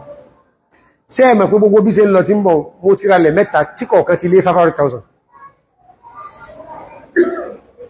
sẹ́ẹ̀mẹ̀ pé gbogbo bí ṣe ń lọ tí ń bọ̀ mo ti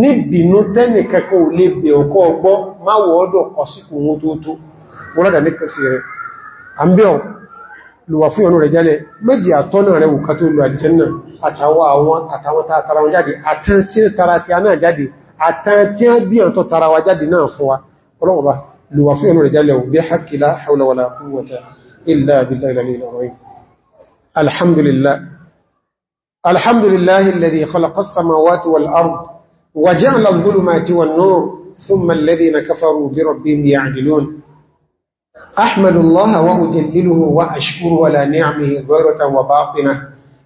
níbìnú tẹ́nì kẹ́kọ́ ò lè bẹ̀ ọkọ́ ọgbọ́ máwọ̀ ọdọ̀ kọsíkò ohun tó tó wọ́nàdà ní kẹsì rẹ̀ àmbíọ̀n lùwà fún ọ̀nà rẹ̀ jálẹ̀ méjì àtọ́nà rẹ̀ wùká tó lù àdìjẹ́nà àtàwọn àwọn àtàwọn tààtàrà wọn jáde àtàn tí ń tara ti aná jáde àtàn tí ń bí ọ̀tọ̀ tara wa jáde náà fún wa ọlọ́wọ́ bá lùwà وجعل الظلمات والنور ثم الذين كفروا بربهم يعدلون أحمد الله وأجلله وأشكر ولا نعمه ظهرة وباطنة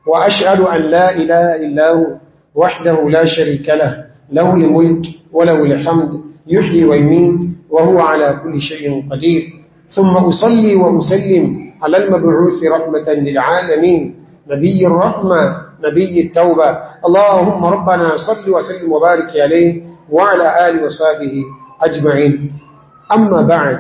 وأشهد أن لا إله إلا هو وحده لا شريك له له الملك وله الحمد يحيي ويميت وهو على كل شيء قدير ثم أصلي وأسلم على المبعوث رحمة للعالمين نبي الرحمة نبي التوبة اللهم ربنا صل وسلم وبارك عليه وعلى آل وصحبه أجمعين أما بعد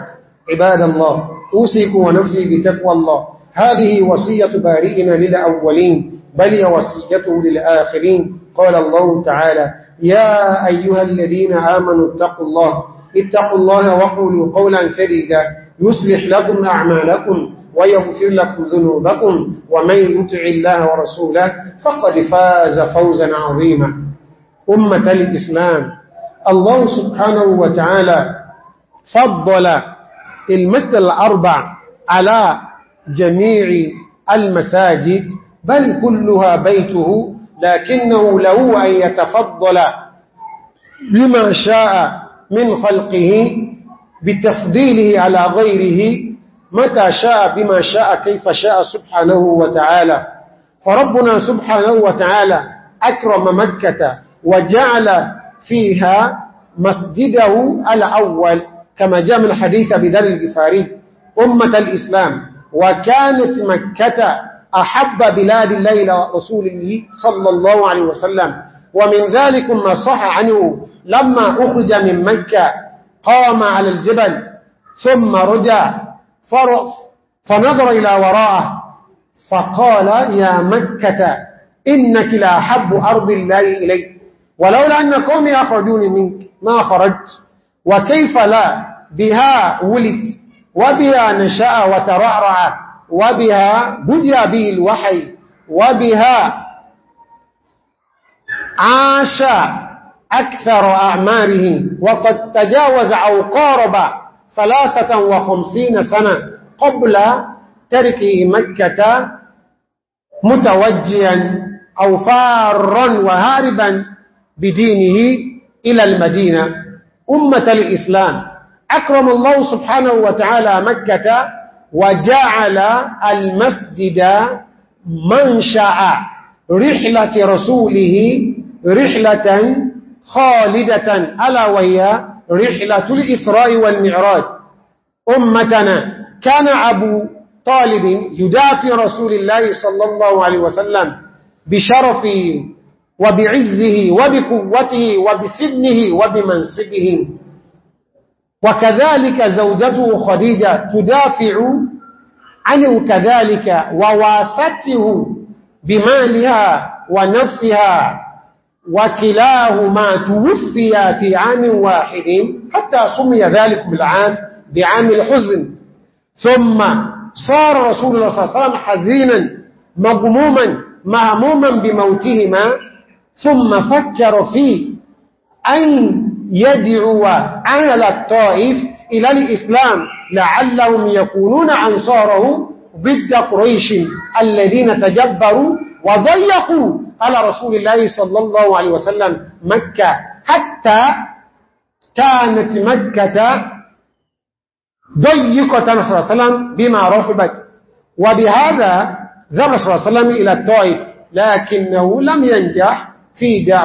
عباد الله أوسيكم ونفسي بتقوى الله هذه وصية بارئنا للأولين بل وصيته للآخرين قال الله تعالى يا أيها الذين آمنوا اتقوا الله اتقوا الله وقولوا قولا سديدا يصلح لكم أعمالكم ويغفر لكم ذنوبكم ومن يطع الله ورسوله فقد فاز فوزا عظيما أمة الإسلام الله سبحانه وتعالى فضل المسجد الأربع على جميع المساجد بل كلها بيته لكنه له أن يتفضل بما شاء من خلقه بتفضيله على غيره متى شاء بما شاء كيف شاء سبحانه وتعالى فربنا سبحانه وتعالى أكرم مكة وجعل فيها مسجده الأول كما جاء من حديث بدل الجفاري أمة الإسلام وكانت مكة أحب بلاد الله إلى رسول الله صلى الله عليه وسلم ومن ذلك ما صح عنه لما أخرج من مكة قام على الجبل ثم رجع فنظر إلى وراءه فقال يا مكة إنك لا حب أرض الله إلي ولولا أن قومي أخرجوني منك ما خرجت وكيف لا بها ولد وبها نشأ وترعرع وبها بدأ به الوحي وبها عاش أكثر أعماره وقد تجاوز أو قارب ثلاثة وخمسين سنة قبل تركه مكة متوجيا أو فارا وهاربا بدينه إلى المدينة أمة الإسلام أكرم الله سبحانه وتعالى مكة وجعل المسجد منشأ رحلة رسوله رحلة خالدة ألا وهي رحلة الإسراء والمعراج أمتنا كان أبو طالب يدافع رسول الله صلى الله عليه وسلم بشرفه وبعزه وبقوته وبسنه وبمنصبه وكذلك زوجته خديجة تدافع عنه كذلك وواسته بمالها ونفسها وكلاهما توفيا في عام واحد حتى سمي ذلك بالعام بعام الحزن ثم صار رسول الله صلى الله عليه وسلم حزينا مغموما مهموما بموتهما ثم فكر في أن يدعو أهل الطائف إلى الإسلام لعلهم يكونون أنصارهم ضد قريش الذين تجبروا وضيقوا على رسول الله صلى الله عليه وسلم مكة حتى كانت مكة ضيقة صلى الله عليه وسلم بما رحبت وبهذا ذهب صلى الله وسلم إلى الطائف لكنه لم ينجح في إلى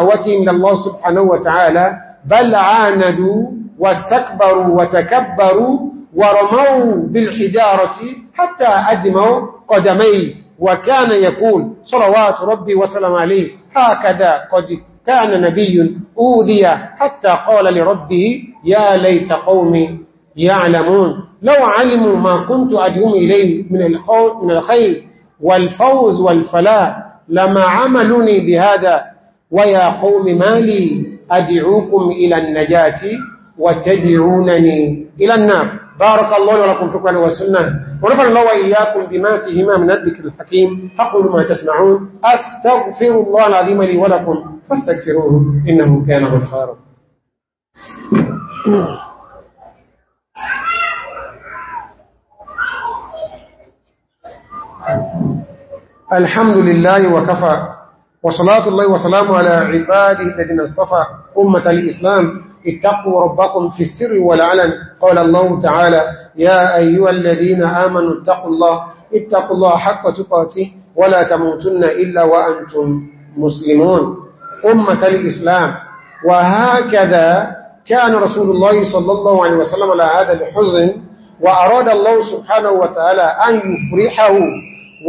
الله سبحانه وتعالى بل عاندوا واستكبروا وتكبروا ورموا بالحجارة حتى أدموا قدميه وكان يقول صلوات ربي وسلم عليه هكذا قد كان نبي أوذي حتى قال لربه يا ليت قومي يعلمون لو علموا ما كنت أجهم إليه من, الخير والفوز والفلاح لما عملني بهذا ويا قوم مالي أدعوكم إلى النجاة وتدعونني إلى النار بارك الله ولكم في القرآن والسنة ونفع الله وإياكم بما فيهما من الذكر الحكيم أقول ما تسمعون أستغفر الله العظيم لي ولكم فاستغفروه إنه كان غفارا الحمد لله وكفى وصلاة الله وسلام على عباده الذين اصطفى أمة الإسلام اتقوا ربكم في السر والعلن قال الله تعالى يا أيها الذين آمنوا اتقوا الله اتقوا الله حق تقاته ولا تموتن إلا وأنتم مسلمون أمة الإسلام وهكذا كان رسول الله صلى الله عليه وسلم على هذا الحزن وأراد الله سبحانه وتعالى أن يفرحه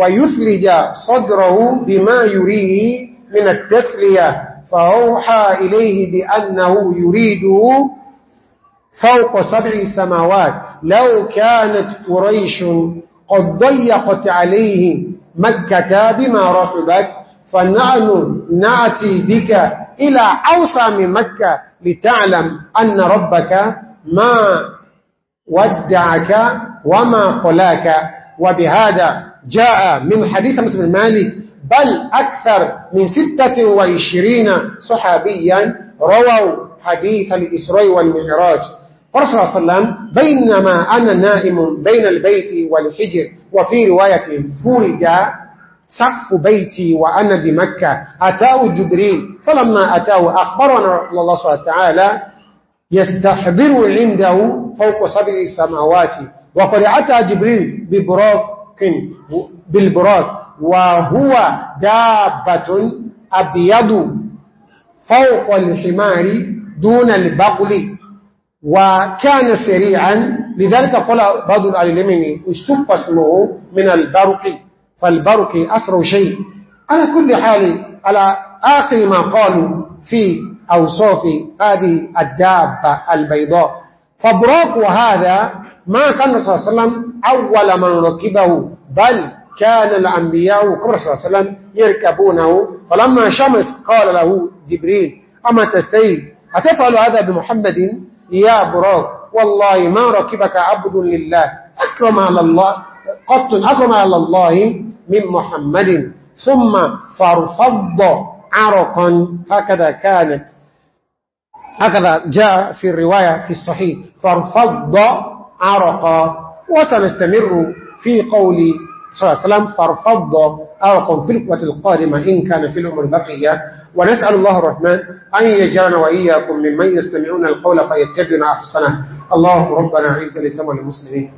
ويثلج صدره بما يريه من التسلية فأوحى إليه بأنه يريده فوق سبع سماوات لو كانت قريش قد ضيقت عليه مكة بما رحبت فنحن نأتي بك إلى أوسع من مكة لتعلم أن ربك ما ودعك وما قلاك وبهذا جاء من حديث مسلم المالي بل أكثر من ستة وعشرين صحابيا رووا حديث الإسراء والمعراج ورسول الله صلى الله عليه وسلم بينما أنا نائم بين البيت والحجر وفي رواية فرج سقف بيتي وأنا بمكة أتاه جبريل فلما أتاه أخبرنا الله صلى عليه وسلم يستحضر عنده فوق سبع السماوات وقد أتى جبريل ببراق بالبراق وهو دابة أبيض فوق الحمار دون البقل وكان سريعا لذلك قال بعض العلمين اشتف اسمه من البرق فالبرق أسرع شيء على كل حال على آخر ما قالوا في أوصاف هذه الدابة البيضاء فبراق هذا ما كان صلى الله عليه وسلم أول من ركبه بل كان الأنبياء كبر صلى الله عليه وسلم يركبونه فلما شمس قال له جبريل أما تستيب أتفعل هذا بمحمد يا براك والله ما ركبك عبد لله أكرم على الله قط أكرم على الله من محمد ثم فارفض عرقا هكذا كانت هكذا جاء في الرواية في الصحيح فارفض عرقا وسنستمر في قول صلى الله عليه وسلم فارفض عرقا في القوة القادمة إن كان في العمر بقية ونسأل الله الرحمن أن يجعلنا وإياكم ممن يستمعون القول فيتبعنا أحسنه اللهم ربنا عز لسوى المسلمين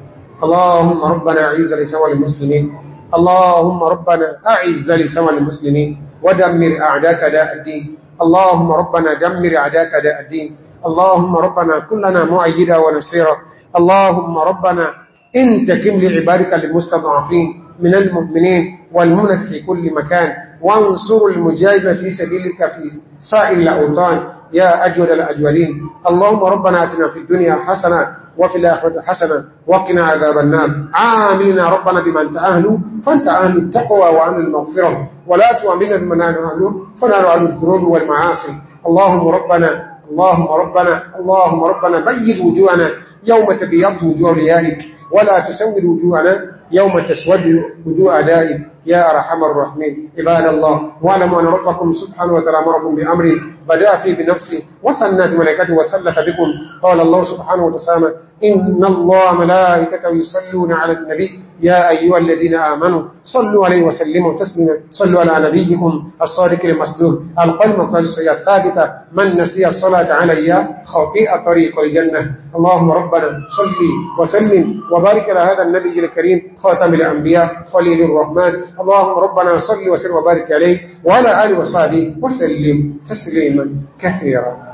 اللهم ربنا عز لسوى المسلمين اللهم ربنا أعز لسوى المسلمين ودمر أعداك داء الدين اللهم ربنا دمر أعداك داء الدين اللهم ربنا كلنا معيدا ونصيرا اللهم ربنا انتكم لعبارك المستضعفين من المؤمنين والمنف في كل مكان وانصر المجاهدين في سبيلك في سائر الأوطان يا أجود الأجولين اللهم ربنا أتنا في الدنيا حسنة وفي الآخرة حسنة وقنا عذاب النار عاملنا ربنا بما انت أهله فانت أهل التقوى وأهل المغفرة ولا تؤمن بما نحن أهله عن الذنوب والمعاصي اللهم ربنا اللهم ربنا اللهم ربنا بيض وجوهنا يوم تبيض وجوه ريائك ولا تسود وجوهنا يوم تسود وجوه أعدائك يا أرحم الراحمين عباد الله واعلموا أن ربكم سبحانه وتعالى أمركم بأمر بدأ فيه بنفسه وثنى بملائكته وثلث بكم قال الله سبحانه وتعالى إن الله ملائكته يصلون على النبي يا أيها الذين آمنوا صلوا عليه وسلموا تسليما صلوا على نبيكم الصادق المصدوق القلم القدسية الثابتة من نسي الصلاة علي خطيئة طريق الجنة اللهم ربنا صلي وسلم وبارك على هذا النبي الكريم خاتم الأنبياء خليل الرحمن اللهم ربنا صلي وسلم وبارك عليه وعلى آله وصحبه وسلم تسليما كثيرا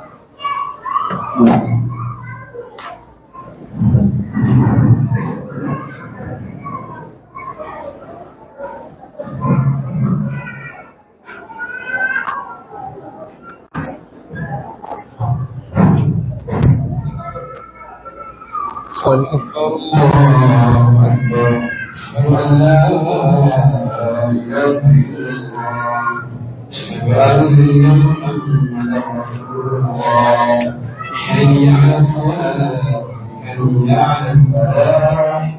Thank you. عفوا الله أكبر ولا إله إلا الله وأن محمدا رسول الله حي على الصلاة حي على الفلاح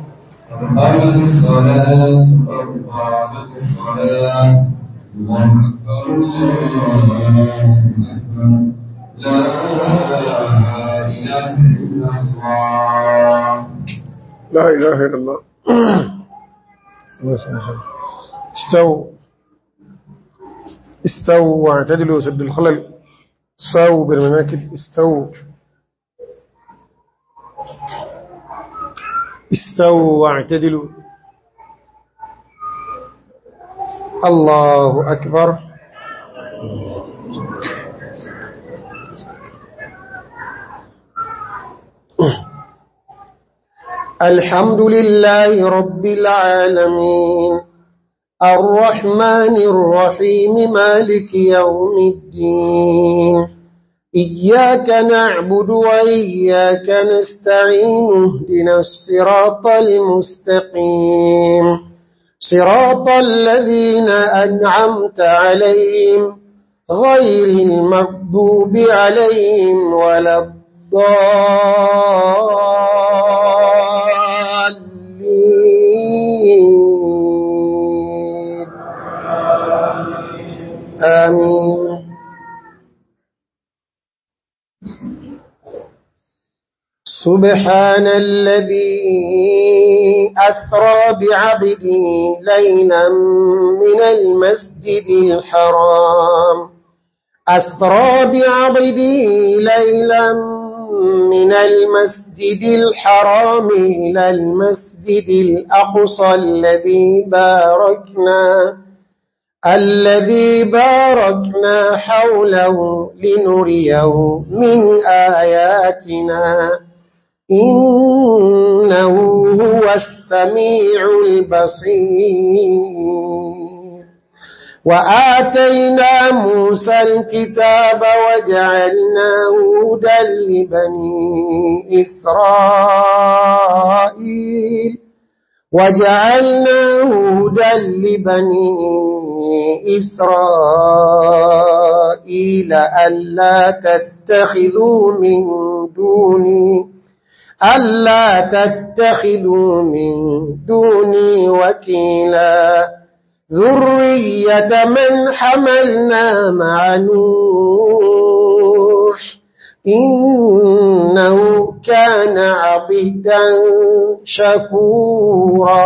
قبل الصلاة قبل الصلاة الله أكبر الله أكبر لا إله إلا الله لا إله إلا الله استو استو واعتدلوا سد الخلل ساو بالمناكب استووا استووا واعتدلوا الله أكبر الحمد لله رب العالمين الرحمن الرحيم مالك يوم الدين إياك نعبد وإياك نستعين اهدنا الصراط المستقيم صراط الذين أنعمت عليهم غير المغضوب عليهم ولا الضالين آمين سبحان الذي أسرى بعبده ليلا من المسجد الحرام أسرى بعبده ليلا من المسجد الحرام إلى المسجد الأقصى الذي باركناه الذي باركنا حوله لنريه من آياتنا إنه هو السميع البصير وآتينا موسى الكتاب وجعلناه هدى لبني إسرائيل وجعلناه هدى لبني إسرائيل ألا تتخذوا من دوني ألا تتخذوا من دوني وكيلا ذرية من حملنا مع نوح إنه كان عبدا شكورا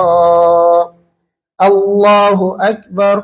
الله أكبر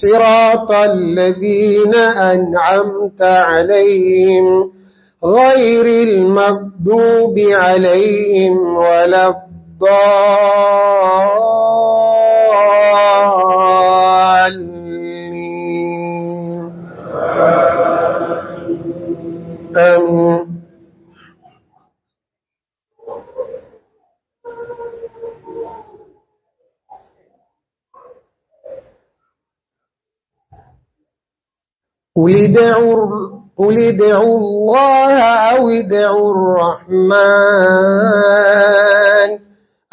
صراط الذين أنعمت عليهم غير المغضوب عليهم ولا الضالين آمين قل ادعوا قل ادعوا الله أو ادعوا الرحمن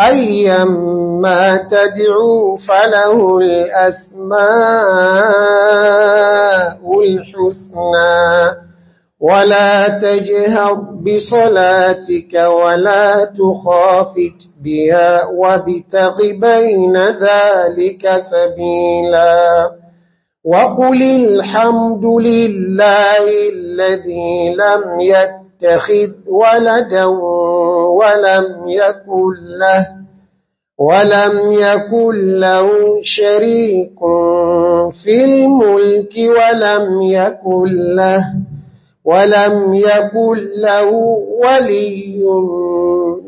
أيما تدعوا فله الأسماء الحسنى ولا تجهر بصلاتك ولا تخافت بها وابتغ بين ذلك سبيلاً وقل الحمد لله الذي لم يتخذ ولدا ولم يكن له ولم يكن له شريك في الملك ولم يكن له ولم يكن له ولي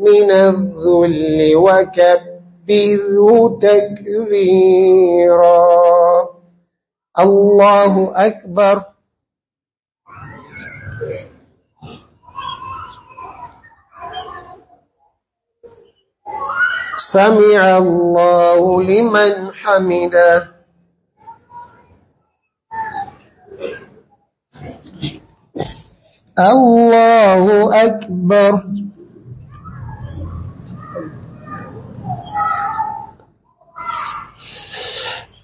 من الذل وكبره تكبيرا الله أكبر سمع الله لمن حمده الله أكبر